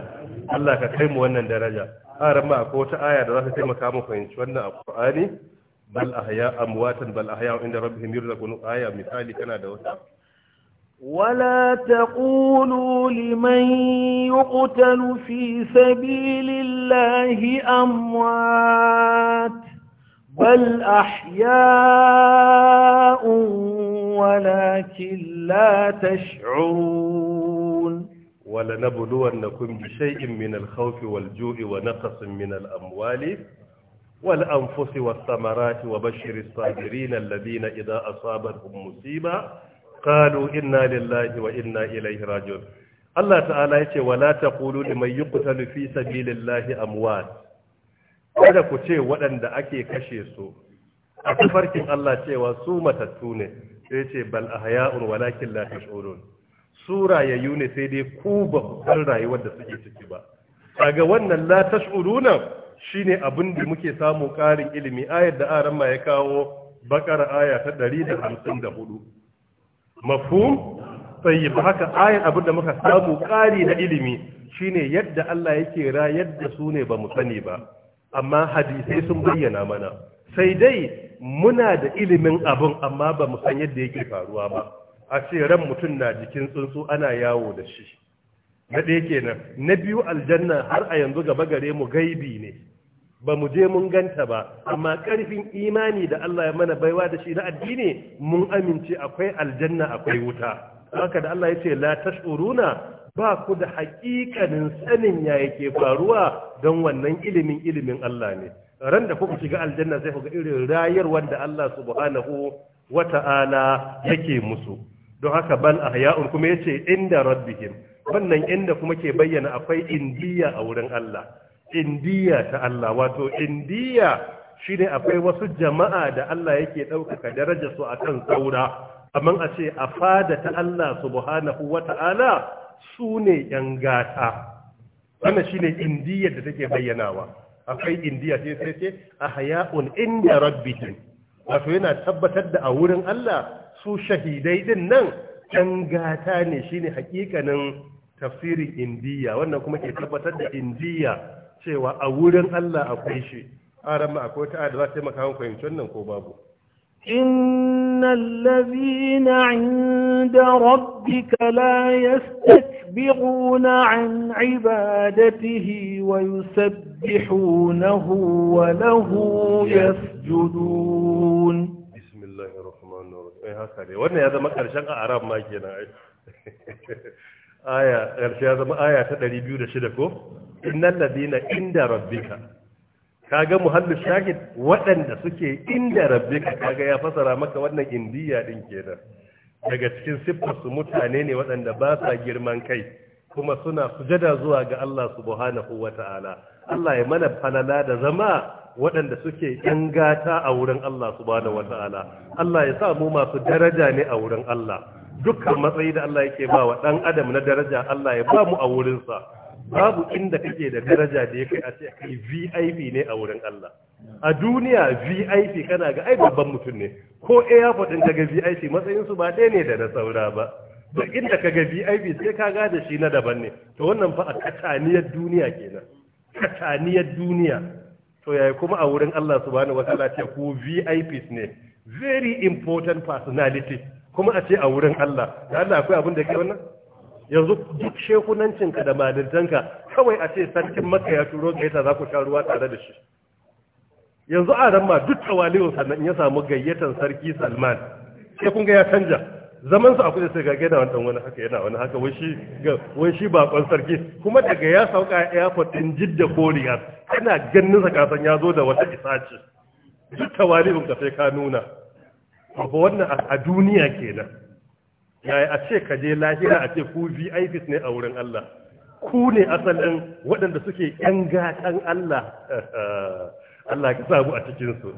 Allah ka kai mu wannan daraja haram ramma ko ta aya da za ta taimaka mu fahimci wannan a Qur'ani bal ahya amwatan bal ahya inda rabbihim yurzaqun aya misali kana da wata ولا تقولوا لمن يقتل في سبيل الله أموات بل أحياء ولكن لا تشعرون ولنبلونكم بشيء من الخوف والجوع ونقص من الأموال والأنفس والثمرات وبشر الصابرين الذين إذا أصابتهم مصيبة qalu inna lillahi wa inna ilaihi raji'un Allah ta'ala yace wala taqulu liman yuqtalu fi sabilillahi amwat kada ku ce waɗanda ake kashe su a tafarkin Allah cewa su matattu ne sai ce bal ahya'un walakin la tash'urun su rayayyu ne sai dai ku ba rayuwar da suke ciki ba kaga wannan la tash'uruna shine abin da muke samu ƙarin ilimi ayar da aran ma ya kawo bakara aya ta 154 mafhum tayyib haka ayin abin da muka samu ƙari na ilimi shine yadda Allah yake ra yadda su ne ba mu sani ba amma hadisai sun bayyana mana sai dai muna da ilimin abun amma ba mu san yadda yake faruwa ba a ce ran mutum na jikin tsuntsu ana yawo da shi na ɗaya kenan na biyu aljanna har a yanzu gaba gare mu gaibi ne ba mu je mun ganta ba amma karfin imani da Allah ya mana baiwa da shi na addini mun amince akwai aljanna akwai wuta haka da Allah ya ce la tashuruna ba ku da hakikanin sanin ya yake faruwa don wannan ilimin ilimin Allah ne ran da kuka shiga aljanna sai ku ga irin rayar wanda Allah subhanahu wata'ala yake musu don haka bal ahya'un kuma yace inda rabbihim wannan inda kuma ke bayyana akwai indiya a wurin Allah indiya ta Allah wato indiya shine akwai wasu jama'a da Allah yake ɗaukaka daraja su akan saura amma a ce a ta Allah subhanahu wata'ala sune ‘yan gata wannan shine indiyar da take bayyanawa akwai indiya sai sai ce a haya'un inda rabbikin wato yana tabbatar da a wurin Allah su shahidai din nan ‘yan gata ne shine hakikanin tafsirin indiya wannan kuma ke tabbatar da indiya cewa a wurin Allah akwai shi aran ma akwai wata da za ta taimaka muku fahimci wannan ko babu innal ladhina 'inda rabbika la yastakbiruna 'an 'ibadatihi wa yusabbihunahu wa lahu yasjudun bismillahir rahmanir rahim eh haka ne wannan ya zama karshen a aran aya ƙarshe ya zama aya ta 206 ko innal ladina inda rabbika kaga muhallu shahid waɗanda suke inda rabbika kaga ya fasara maka wannan indiya din kenan daga cikin siffar su mutane ne waɗanda ba sa girman kai kuma suna sujada zuwa ga Allah subhanahu wata'ala Allah ya mana falala da zama waɗanda suke ɗan gata a wurin Allah subhanahu wata'ala Allah ya sa mu masu daraja ne a wurin Allah dukkan matsayi da Allah yake ba wa ɗan adam na daraja Allah ya ba mu a wurinsa babu inda kake da daraja da ya kai a ce kai VIP ne a wurin Allah a duniya VIP kana ga ai babban mutum ne ko airport ka kaga VIP matsayin su ba ɗaya ne da na saura ba duk inda kaga VIP sai ka ga da shi na daban ne to wannan fa a kataniyar duniya kenan kataniyar duniya to yayi kuma a wurin Allah subhanahu wataala ce ku VIPs ne very important personality. kuma a ce a wurin Allah da Allah akwai abin da ke wannan yanzu duk shekunancinka da malintanka kawai a ce sarkin maka ya turo gaita za ku sha ruwa tare da shi yanzu a ran ma duk tawaliwun sannan ya samu gayyatan sarki salman sai kun ga ya canja zaman su akwai sai gage da wannan wani haka yana wani haka wai shi wai shi bakon sarki kuma daga ya sauka airport din jidda ko riyad kana ganin sa kasan ya zo da wata isa ce duk tawaliwun ka sai ka nuna abu wannan a duniya kenan yaya a ce ka je lahira a ce ku VIPs ne a wurin Allah ku ne asalin waɗanda suke ƴan gatan Allah Allah ka samu a cikinsu.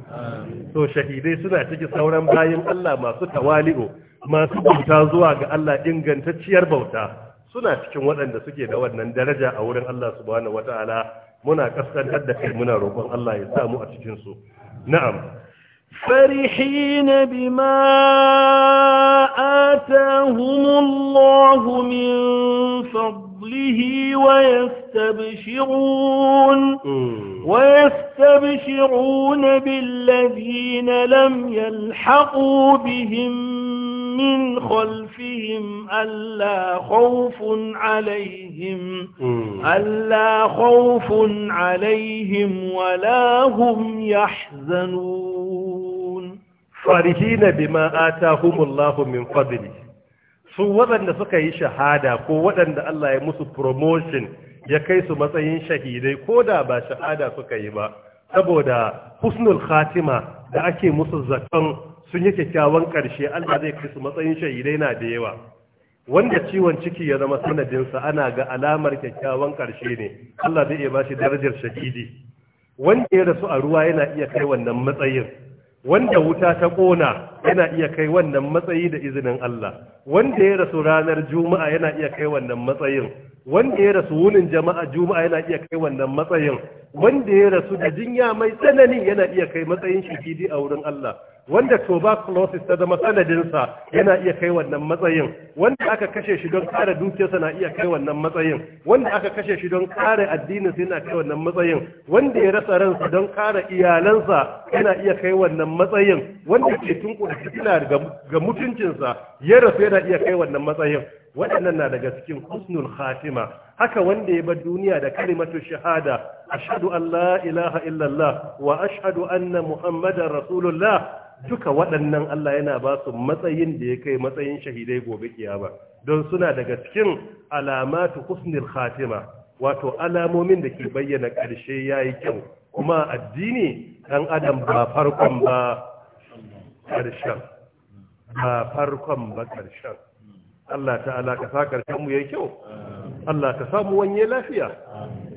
So shahidai suna ciki sauran bayan Allah masu tawali'u, masu bauta zuwa ga Allah ingantacciyar bauta suna cikin waɗanda suke da wannan daraja a wurin Allah subhanahu wata'ala muna kaskantar da kai muna roƙon Allah ya samu a cikinsu. Na'am. فرحين بما آتاهم الله من فضله ويستبشرون ويستبشرون بالذين لم يلحقوا بهم من خلفهم ألا خوف عليهم ألا خوف عليهم ولا هم يحزنون farihina bima atahumullahu min fadli su waɗanda suka yi shahada ko waɗanda Allah ya musu promotion ya kai su matsayin shahidai ko da ba shahada suka yi ba saboda husnul khatima da ake musu zaton sun yi kyakkyawan ƙarshe Allah zai kai su matsayin shahidai na da yawa wanda ciwon ciki ya zama sanadinsa ana ga alamar kyakkyawan ƙarshe ne Allah zai iya ba shi darajar shahidi wanda ya rasu a ruwa yana iya kai wannan matsayin wanda wuta ta ƙona yana iya kai wannan matsayi da izinin Allah wanda ya rasu ranar juma'a yana iya kai wannan matsayin wanda ya rasu wunin jama'a juma'a yana iya kai wannan matsayin wanda ya rasu da jinya mai tsanani yana iya kai matsayin shahidi a wurin Allah wanda tuberculosis ta zama sanadinsa yana iya kai wannan matsayin wanda aka kashe shi don kare dukiyarsa na iya kai wannan matsayin wanda aka kashe shi don kare addininsa yana kai wannan matsayin wanda ya rasa ransa don kare iyalansa yana iya kai wannan matsayin wanda ke tunkuɗa fitina ga mutuncinsa ya rasu yana iya kai wannan matsayin waɗannan na daga cikin husnul khatima haka wanda ya bar duniya da kalimatu shahada ashhadu an la ilaha illallah wa ashhadu anna muhammadar rasulullah duka waɗannan Allah yana ba su matsayin da ya kai matsayin shahidai gobe kiyama don suna daga cikin alamatu husnul khatima wato alamomin da ke bayyana ƙarshe yayi kyau kuma addini dan adam ba farkon ba ƙarshen ba farkon ba ƙarshen Allah ta'ala ka sa karshen ya yi kyau Allah ka samu wanye lafiya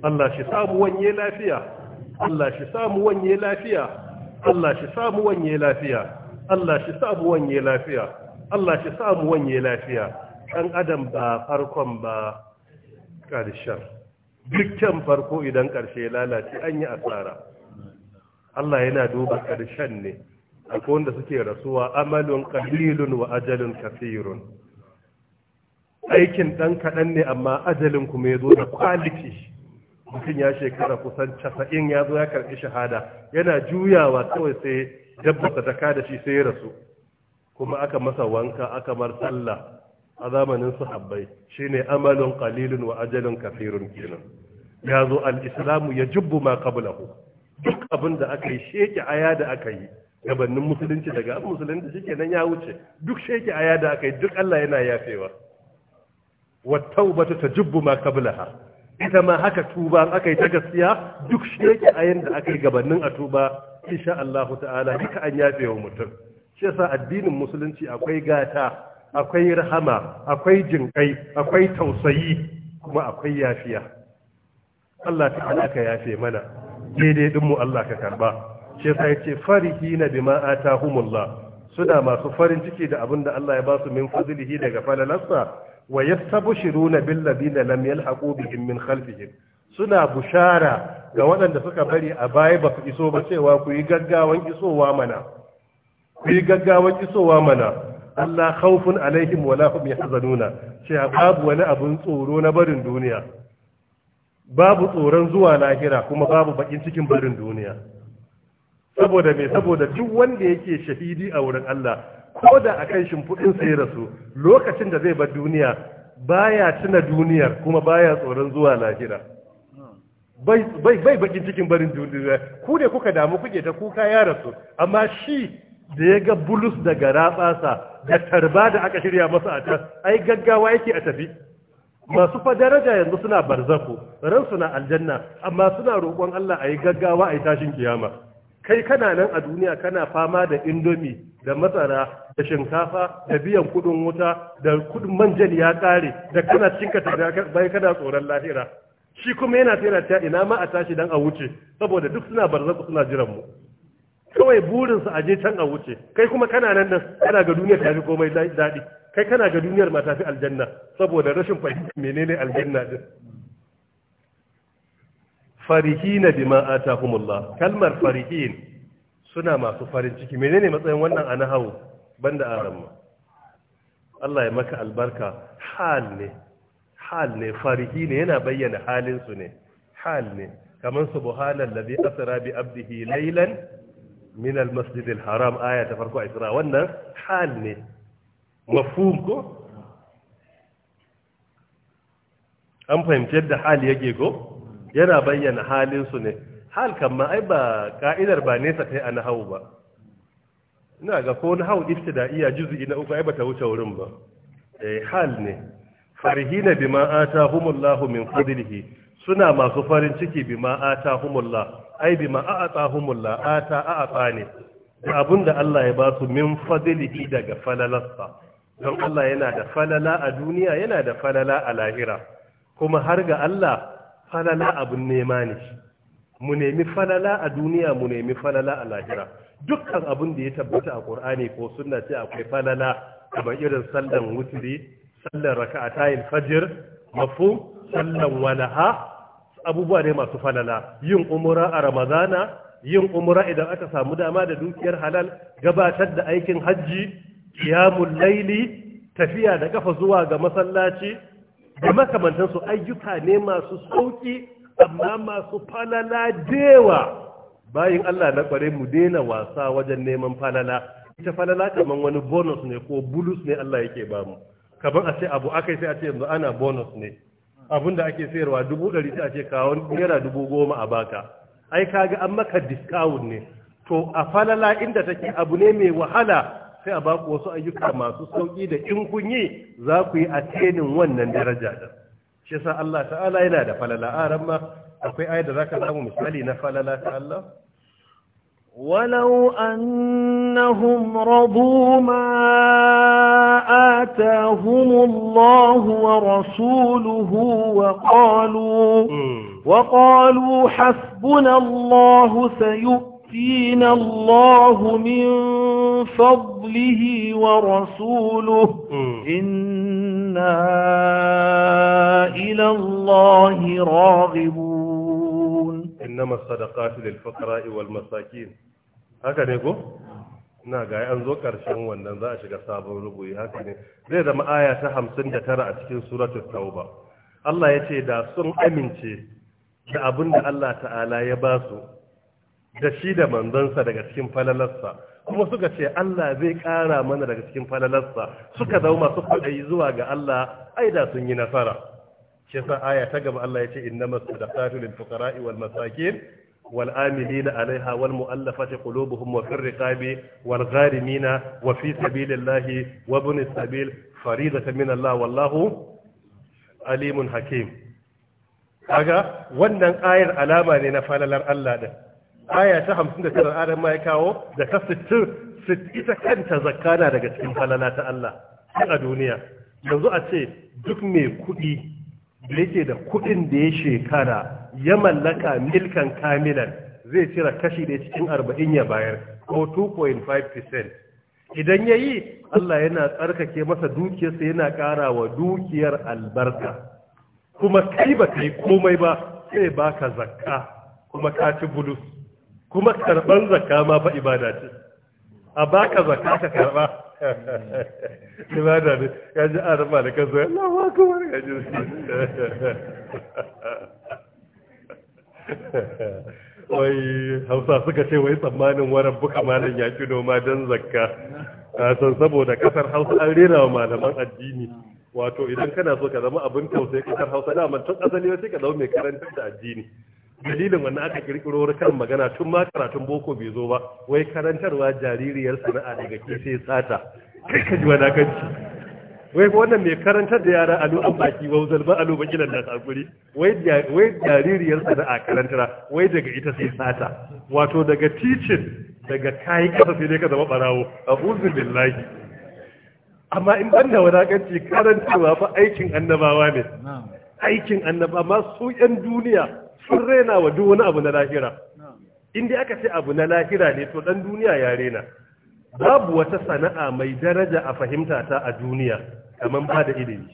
Allah shi samu wanye lafiya Allah shi samu wanye lafiya Allah shi samu wanye lafiya Allah shi samu wanye lafiya Allah shi samu wanye lafiya dan adam ba farkon ba karshen dukkan farko idan karshe lalace an yi asara Allah yana duba ƙarshen ne akwai wanda suke rasuwa amalin ƙalilun wa ajalin kafirun. aikin ɗan kaɗan ne amma ajalin kuma ya zo da kwaliki. mutum ya shekara kusan casa'in ya zo ya karɓi shahada yana juyawa kawai sai dabba ta da shi sai ya rasu kuma aka masa wanka aka mar sallah a zamanin sahabbai shine amalun qalilun wa ajalun kafirun kenan ya zo al ya jubbu ma qablahu duk abin da aka yi sheke aya da aka yi gabanin musulunci daga musulunci shikenan ya wuce duk sheke aya da aka yi duk Allah yana yafewa wataubatu tajubbu ma kablaha ita ma haka tuba aka yi ta gaskiya duk shi yake a yanda aka yi gabanin a tuba insha Allah ta'ala duka an yafe wa mutum shi yasa addinin musulunci akwai gata akwai rahama akwai jinkai akwai tausayi kuma akwai yafiya Allah ta'ala ka yafe mana daidai din mu Allah ka karba shi yasa yace farihina bima atahumullah suna masu farin ciki da abin da Allah ya ba su min fadlihi daga falalarsa wa yastabshiruna bil ladina lam yalhaqu bihim min khalfihim suna bushara ga waɗanda suka bari a baya ba su iso ba cewa ku yi gaggawan isowa mana ku yi gaggawan isowa mana Allah khawfun alaihim wala hum yahzanuna cewa babu wani abun tsoro na barin duniya babu tsoron zuwa lahira kuma babu bakin cikin barin duniya saboda me saboda duk wanda yake shahidi a wurin Allah ko da akan shimfiɗin sai rasu lokacin da zai bar duniya baya tuna duniyar kuma baya tsoron zuwa lahira bai bai bakin cikin barin duniya ku ne kuka damu kuke ta kuka ya rasu amma shi da ya ga bulus da garaɓasa da tarba da aka shirya masa a can ai gaggawa yake a tafi masu fa daraja yanzu suna barzaku ran na aljanna amma suna roƙon Allah a yi gaggawa a yi tashin kiyama kai kana nan a duniya kana fama da indomi da matsara da shinkafa da biyan kudin wuta da kudin manjan ya kare da kana cinka ta bai kana tsoron lahira shi kuma yana tsira ta ina ma a tashi dan a wuce saboda duk suna barzaku suna jiran mu kawai burin su aje can a wuce kai kuma kana nan nan kana ga duniya tafi komai daɗi kai kana ga duniyar ma tafi aljanna saboda rashin fahimta menene aljanna din farihina bima atahumullah kalmar farihin suna masu farin ciki menene matsayin wannan a nahawu banda aran Allah ya maka albarka hal ne hal ne ne yana bayyana halin su ne hal ne kaman subhanallazi asra bi abdihi laylan min Al-Haram, aya ta farko isra wannan hal ne mafhum ko an fahimci yadda hal yake ko yana bayyana halin su ne hal kamma ai ba ka'idar ba nesa kai a nahawu ba ina ga ko nahawu iftida'iya juz'i na uku ai ba ta wuce wurin ba eh hal ne farihina bima atahumullahu min fadlihi suna masu farin ciki bima atahumullah ai bima a'atahumullah ata a'ata ne da abinda Allah ya ba su min fadlihi daga falalarsa don Allah yana da falala a duniya yana da falala a lahira kuma har ga Allah falala abin nema ne mu nemi falala a duniya mu nemi falala a lahira dukkan abin da ya tabbata a Qur'ani ko sunna ce akwai falala kamar irin sallan wutri sallan raka'atayn fajr mafhum sallan walaha abubuwa ne masu falala yin umura a ramadana yin umura idan aka samu dama da dukiyar halal gabatar da aikin hajji qiyamul laili tafiya da kafa zuwa ga masallaci da makamantansu ayyuka ne masu sauki amma masu falala dewa bayin Allah na kware mu daina wasa wajen neman falala ita falala kamar wani bonus ne ko bulus ne Allah yake ba mu kamar a ce abu akai sai a ce yanzu ana bonus ne abinda ake sayarwa dubu ɗari sai a ce kawo naira dubu goma a baka ai kaga an maka discount ne to a falala inda take abu ne mai wahala sai a baku wasu ayyuka masu sauki da in kun yi za ku yi atenin wannan daraja da shi yasa Allah ta'ala yana da falala aran ma akwai ayat da ka samu misali na falala ta Allah ولو أنهم رضوا ما آتاهم الله ورسوله وقالوا وقالوا حسبنا الله sayu. يؤتينا الله من فضله ورسوله إنا إلى الله راغبون إنما الصدقات للفقراء والمساكين هكذا يقول na ga an zo ƙarshen wannan za a shiga sabon rubuyi haka ne zai zama aya ta hamsin da tara a cikin suratul tauba Allah ya ce da sun amince da abin da Allah ta'ala ya ba su da shi da manzansa daga cikin falalarsa kuma suka ce Allah zai ƙara mana daga cikin falalarsa suka zama masu kwaɗayi zuwa ga Allah ai da sun yi nasara shi yasa aya ta gaba Allah ya ce inna sadaqatu lil fuqara'i wal masakin wal amilina 'alaiha wal mu'allafati qulubuhum wa fir riqabi wal gharimina wa fi sabilillahi wa bunis sabil faridatan min Allah wallahu alimun hakim kaga wannan ayar alama ne na falalar Allah din aya ta hamsin da tara adam ya kawo da ta sittin ita kanta zakka daga cikin halala ta Allah a duniya yanzu a ce duk mai kuɗi da yake da kuɗin da ya shekara ya mallaka milkan kamilan zai cira kashi da cikin arba'in ya bayar ko 2.5% idan ya yi Allah yana tsarkake masa dukiyarsa yana ƙara wa dukiyar albarka kuma kai ba kai komai ba sai baka zakka kuma ka ci bulus kuma karban zakka ma fa ibada ce a baka zakka ka karba ibada ne ya ji an rama da kansa Allahu akbar ya wai hausa suka ce wai tsammanin waran buka malam ya ki noma don zakka san saboda kasar hausa an rera wa malaman addini wato idan kana so ka zama abin tausayi kasar hausa da tun asali sai ka zama mai karantar da addini dalilin wannan aka kirkiro kan magana tun ma karatun boko bai zo ba wai karantarwa jaririyar sana'a daga ke sai sata kai ka ji wadakanci wai wannan mai karantar da yara alu an baki wau zalba alu baki nan da sakuri wai wai jaririyar sana'a karantara wai daga ita sai sata wato daga teaching daga kai kasa sai dai ka zama barawo abuzu billahi amma in banda wadakanci karantarwa fa aikin annabawa ne aikin annaba ma su yan duniya sun rena wa duk wani abu na lahira Indi aka ce abu na lahira ne to ɗan duniya ya rena babu wata sana'a mai daraja a fahimta ta a duniya kamar ba da ilimi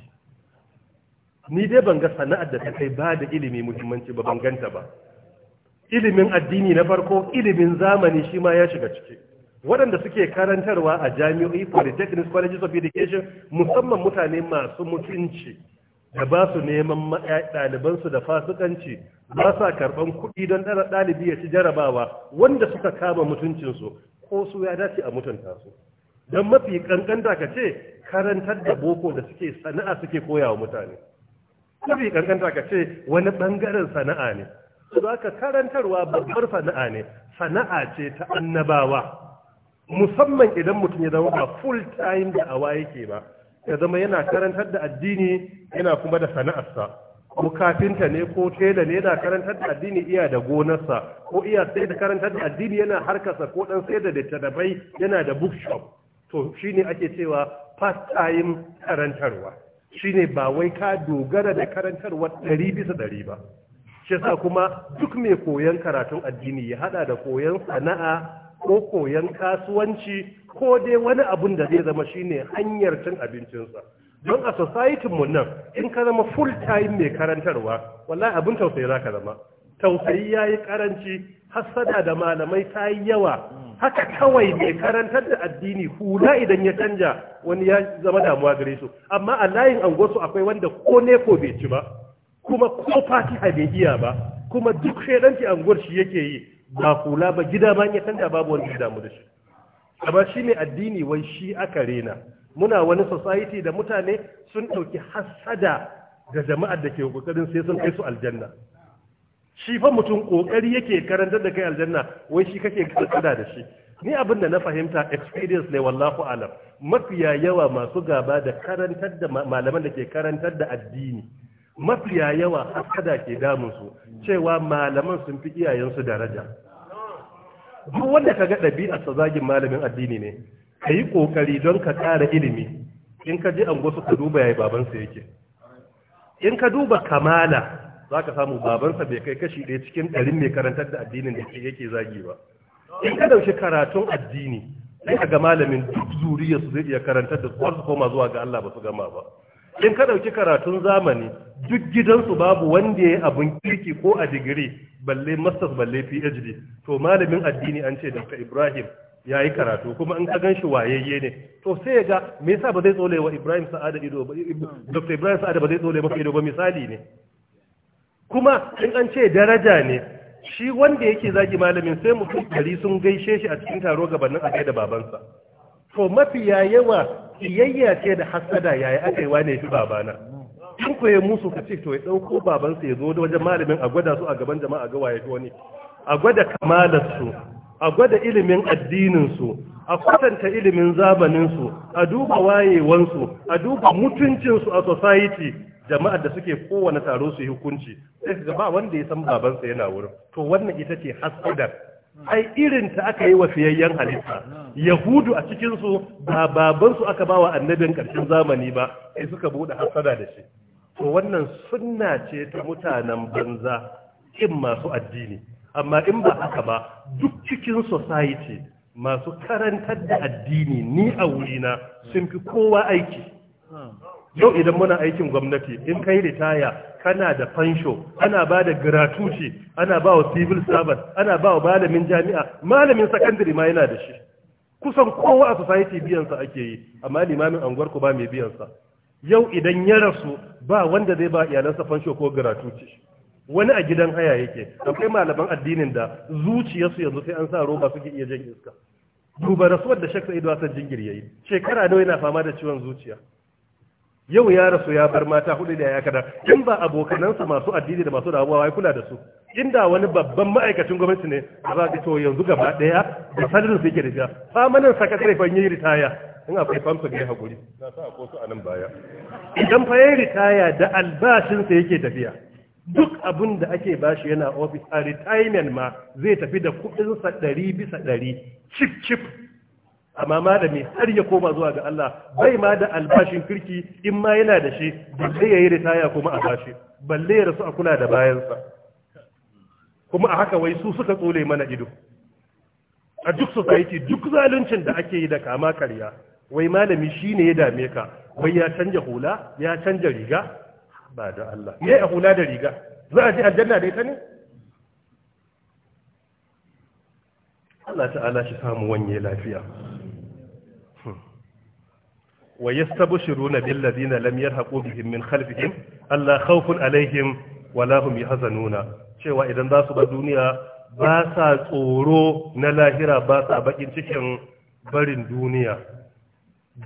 ni dai ban ga sana'ar da ta kai ba da ilimi muhimmanci ba ban ganta ba ilimin addini na farko ilimin zamani shi ma ya shiga ciki waɗanda suke karantarwa a jami'o'i polytechnic colleges of education musamman mutane masu mutunci da ba su neman ɗalibansu da fasikanci ba sa karɓan kuɗi don ɗalibi ya ci jarabawa wanda suka kama mutuncinsu ko su ya dace a mutunta su don mafi ƙanƙanta ka ce karantar da boko da suke sana'a suke koyawa wa mutane mafi ƙanƙanta ka ce wani ɓangaren sana'a ne za ka karantarwa babbar sana'a ne sana'a ce ta annabawa musamman idan mutum ya zama ba full time da awa yake ba ya zama yana karantar da addini yana kuma da sana'arsa ko kafinta ne ko tela ne yana karantar da addini iya da gonarsa ko iya sai da karantar da addini yana harkarsa ko dan sai da littattafai yana da bookshop to shine ake cewa part time karantarwa shine ba wai ka dogara da karantarwa ɗari bisa ɗari ba shi sa kuma duk mai koyon karatun addini ya hada da koyon sana'a ko koyon kasuwanci ko dai wani abun da zai zama shine hanyar cin abincinsa don a society mu nan in ka zama full time mai karantarwa wallahi abin tausayi ka zama tausayi yayi karanci hasada da malamai ta yi yawa haka kawai mai karantar da addini hula idan ya canja wani ya zama damuwa gare su amma a layin angosu akwai wanda ko ne ko bai ci ba kuma ko fati a bai iya ba kuma duk shaidanci anguwar shi yake yi ba hula ba gida ma ya canja babu wani damu da shi amma shi ne addini wai shi aka rena muna wani society da mutane sun ɗauki hasada da jama'ar da ke kokarin sai sun kai su aljanna shi fa mutum kokari yake karantar da kai aljanna wai shi kake tsada da shi ni abin da na fahimta experience ne wallahu alam mafiya yawa masu gaba da karantar da malaman da ke karantar da addini mafiya yawa hasada ke damun su cewa malaman sun fi iyayensu daraja duk wanda ka ga ɗabi'arsa zagin malamin addini ne ka yi ƙoƙari don ka ƙara ilimi in ka je an ka duba yayi babansa yake in ka duba kamala za ka samu babansa bai kai kashi ɗaya cikin ɗarin mai karantar da addinin da ke yake zagi ba in ka ɗauki karatun addini sai ka ga malamin duk zuriyarsu zai iya karantar da su koma zuwa ga Allah ba su gama ba in ka ɗauki karatun zamani duk gidansu babu wanda ya abin kirki ko a digiri balle masters balle phd to malamin addini an ce dr ibrahim ya yi karatu kuma in ka gan shi wayayye ne to sai ya ga me yasa ba zai tsole wa ibrahim sa'ada ido ba dr ibrahim sa'ada ba zai tsole maka ido ba misali ne kuma in an ce daraja ne shi wanda yake zagi malamin sai mutum ɗari sun gaishe shi a cikin taro gabanin a da babansa to mafiya yawa kiyayya ce da hasada yayi aka yi wane fi babana in ku ya musu ka ce to ya ɗauko babansa ya zo wajen malamin a gwada su a gaban jama'a ga waye wani a gwada kamalarsu, a gwada ilimin addininsu, a kwatanta ilimin zamanin su a duba wayewansu, a duba mutuncinsu a society jama'ar da suke kowane taro su yi hukunci sai ga ba wanda ya san babansa yana wurin to wannan ita ce hasadar ai irin ta aka yi wa fiyayyen halitta yahudu a cikinsu ba babansu aka bawa annabin ƙarshen zamani ba sai suka buɗe hasada da shi to wannan sunna ce ta mutanen banza in masu addini amma in ba haka ba duk cikin society masu karantar da addini ni a wurina sun fi kowa aiki yau idan muna aikin gwamnati in kai ritaya kana da fansho ana ba da gratuity ana ba wa civil servant ana ba wa malamin jami'a malamin sakandare ma yana da shi kusan kowa a society biyansa ake yi amma limamin anguwar ku ba mai biyansa yau idan ya rasu ba wanda zai ba iyalansa fansho ko gratuity wani a gidan haya yake akwai malaman addinin da zuciyarsu yanzu sai an sa roba suke iya jan iska duba rasuwar da shaksa idwasan wasan jingir yayi shekara nawa yana fama da ciwon zuciya yau ya rasu ya bar mata hudu da ya kada in ba abokanansa masu addini da masu dawowa ya kula da su inda wani babban ma'aikacin gwamnati ne a za a yanzu gaba ɗaya, da sadarin su yake da ja famanin sakatare ban yi ritaya in akwai famsa ga hakuri na sa ko baya idan fa yi ritaya da albashinsa yake tafiya duk abin da ake bashi yana ofis a ritayimen ma zai tafi da kuɗinsa sa ɗari bisa ɗari chip chip amma malami har ya koma zuwa ga Allah bai ma da albashin kirki in ma yana da shi balle yayi ritaya kuma a bashi balle ya rasu a kula da bayansa kuma a haka wai su suka tsole mana ido a duk society duk zaluncin da ake yi da kama karya wai malami shi ne ya dame ka wai ya canja hula ya canja riga ba da Allah hula da riga za a je aljanna da ita ne Allah ta'ala shi samu wanye lafiya wa yastabshiruna bil ladina lam yarhaqu bihim min khalfihim alla khawfun alaihim wala hum yahzanuna cewa idan za su bar duniya ba sa tsoro na lahira ba sa bakin cikin barin duniya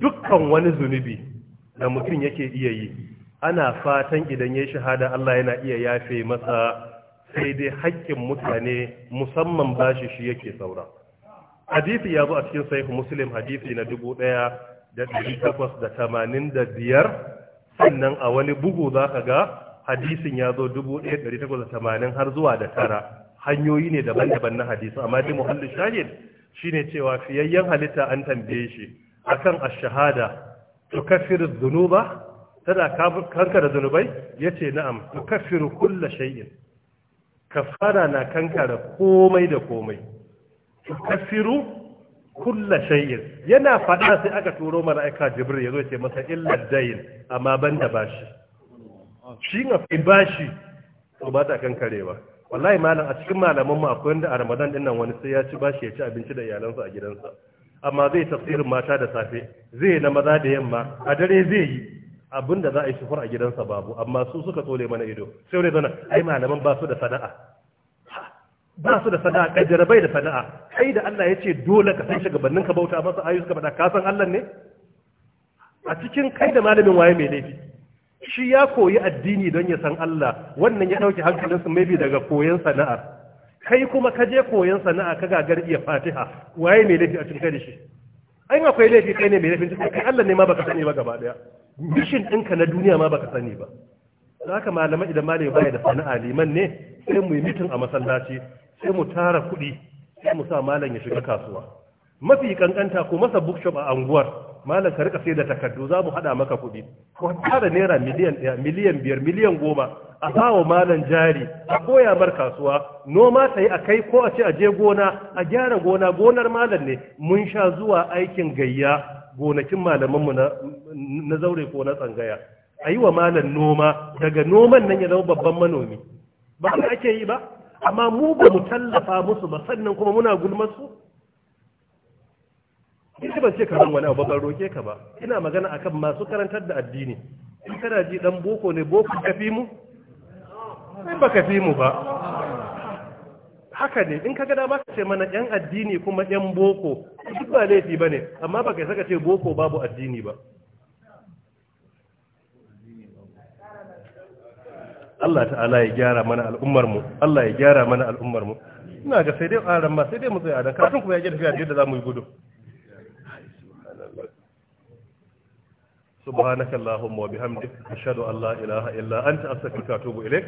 dukkan wani zunubi da mutum yake iya yi ana fatan idan ya shahada Allah yana iya yafe masa sai dai haƙƙin mutane musamman bashi shi yake saura hadisi ya zo a cikin sahih muslim hadisi na dubu ɗaya da ɗari takwas da tamanin da biyar sannan a wani bugu za ka ga hadisin ya zo dubu ɗaya ɗari takwas da tamanin har zuwa da tara hanyoyi ne daban-daban na hadisu. amma dai muhallu shahid shine cewa fiyayyen halitta an tambaye shi akan ash-shahada kafir dhunuba tana kankara zunubai yace na'am kafir kulla shay'in kafara na kankara komai da komai kafiru. kulla shay'in yana faɗa sai aka turo mala'ika jibril yazo ce masa illa dayin amma banda bashi shi na fi bashi to ba ta kan karewa wallahi malam a cikin malaman mu akwai wanda a Ramadan dinnan wani sai ya ci bashi ya ci abinci da iyalansa a gidansa amma zai tafsirin mata da safe zai na maza da yamma a dare zai yi abinda za a yi sufur a gidansa babu amma su suka tsole mana ido sai wani zana ai malaman ba su da sana'a ba su da sana'a kaddara bai da sana'a kai da Allah ya ce dole ka san shugabannin ka bauta masa ayyuka ka faɗa ka san Allah ne a cikin kai da malamin waye mai laifi shi ya koyi addini don ya san Allah wannan ya ɗauki hankalinsu maybe daga koyon sana'a kai kuma ka je koyon sana'a ka gagar iya fatiha waye mai laifi a cikin kai da shi ai akwai laifi kai ne mai laifin cikin kai Allah ne ma baka sani ba gaba daya mission ɗinka na duniya ma baka sani ba za ka malama idan malami baya da sana'a liman ne sai mu yi mitin a masallaci sai mu tara kuɗi sai mu sa malam ya shiga kasuwa mafi kankanta ko masa bookshop a anguwar malam ka rika sai da takardu za mu haɗa maka kuɗi ko tara naira miliyan ɗaya miliyan biyar miliyan goma a bawa malam jari a koya bar kasuwa noma ta yi a kai ko a ce a je gona a gyara gona gonar malam ne mun sha zuwa aikin gayya gonakin malamanmu na zaure ko na tsangaya a yi wa malam noma daga noman nan ya zama babban manomi ba ake yi ba amma mu ba mu tallafa musu ba sannan kuma muna gulmar su in ba ce zan wani abu ban roke ka ba ina magana akan masu karantar da addini in kana ji dan boko ne boko ka fi mu Sai ba ka fi mu ba haka ne in ka gada ba ce mana yan addini kuma yan boko duk ba laifi ba ne amma ba kai saka ce boko babu addini ba Allah ta'ala ya gyara mana al'ummar mu Allah ya gyara mana al'ummar mu ina ga sai dai aran ma sai dai mu tsaya dan karatun ku ya je tafiya da yadda zamu yi gudu subhanaka allahumma wa bihamdika ashhadu an la ilaha illa anta astaghfiruka wa atubu ilaik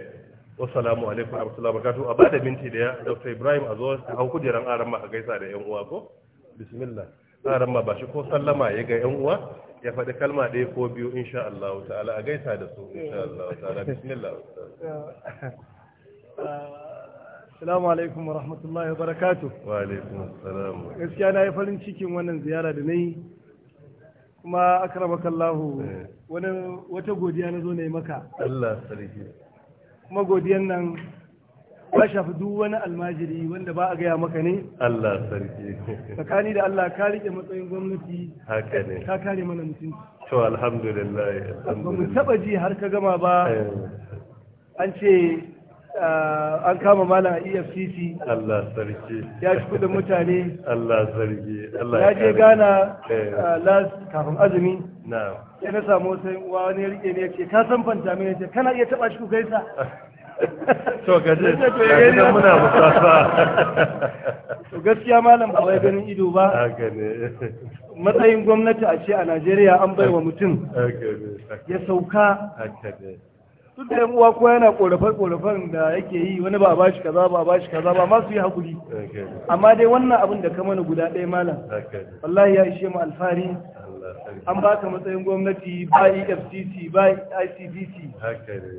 wa salamu alaikum wa rahmatullahi wa barakatuh a bada minti da Dr. Ibrahim a zo hau kujeran aran ma a gaisa da yan uwa ko bismillah aran ma ba shi ko sallama ya ga yan uwa ya faɗi kalma ɗaya ko biyu insha Allah ta'ala a gaisa da su insha Allah ta'ala bismillah uh, Assalamu alaikum wa rahmatullahi wa barakatu. wa alaikum assalam gaskiya na yi farin cikin wannan ziyara da na yi, kuma akramaka kallahu eh. wani wata godiya na zo na yi maka Allah sarki kuma godiyan nan ba shafi duk wani almajiri wanda ba a gaya maka ne Allah sarki tsakani da Allah ka rike matsayin gwamnati haka ne ka kare mana mutum. to alhamdulillah alhamdulillah mu taba ji har ka gama ba eh. an ce ah, an kama malam EFCC Allah sarki ya ci kudin mutane Allah sarki Allah ya je Ghana eh. ah, last kafin azumi na'am Ya na samu wani rike ne ya ce ka san fanta mai ce kana iya taba shi ku gaisa to gaje to muna to gaskiya malam ba wai ganin ido ba matsayin gwamnati a ce a Najeriya an bai wa mutum ya sauka duk da uwa ko yana korafar korafar da yake yi wani ba a bashi kaza ba a bashi kaza ba ma su yi hakuri amma dai wannan abin da ka mana guda ɗaya malam wallahi ya ishe mu alfari an ba ka matsayin gwamnati ba efcc ba icdc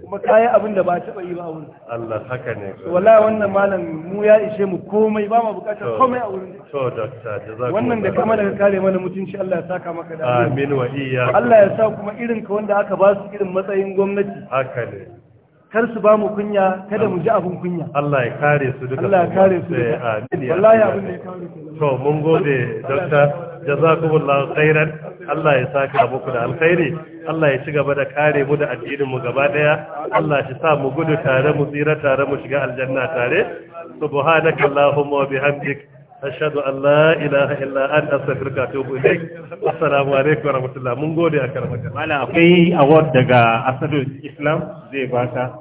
kuma kayan abin da ba taɓa yi ba a wurin Allah haka ne wallahi wannan malam mu ya ishe mu komai ba ma bukatar komai a wurin to doctor wannan da kama daga kare mana mutunci Allah ya saka maka da amin wa iya Allah ya sa kuma irin ka wanda aka ba su irin matsayin gwamnati haka ne kar su ba mu kunya kada mu ji abin kunya Allah ya kare su duka Allah ya kare su duka wallahi abin da ya kare to mun gode doctor jazakumullahu khairan Allah ya saka muku da alkhairi Allah ya ci gaba da kare mu da addinin mu gaba daya Allah shi sa mu gudu tare mu tsira tare mu shiga aljanna tare subhanaka allahumma wa bihamdik ashhadu an la ilaha illa anta astaghfiruka wa atubu ilaik assalamu alaikum wa rahmatullah mun gode a karmaka mala akwai award daga asadul islam zai baka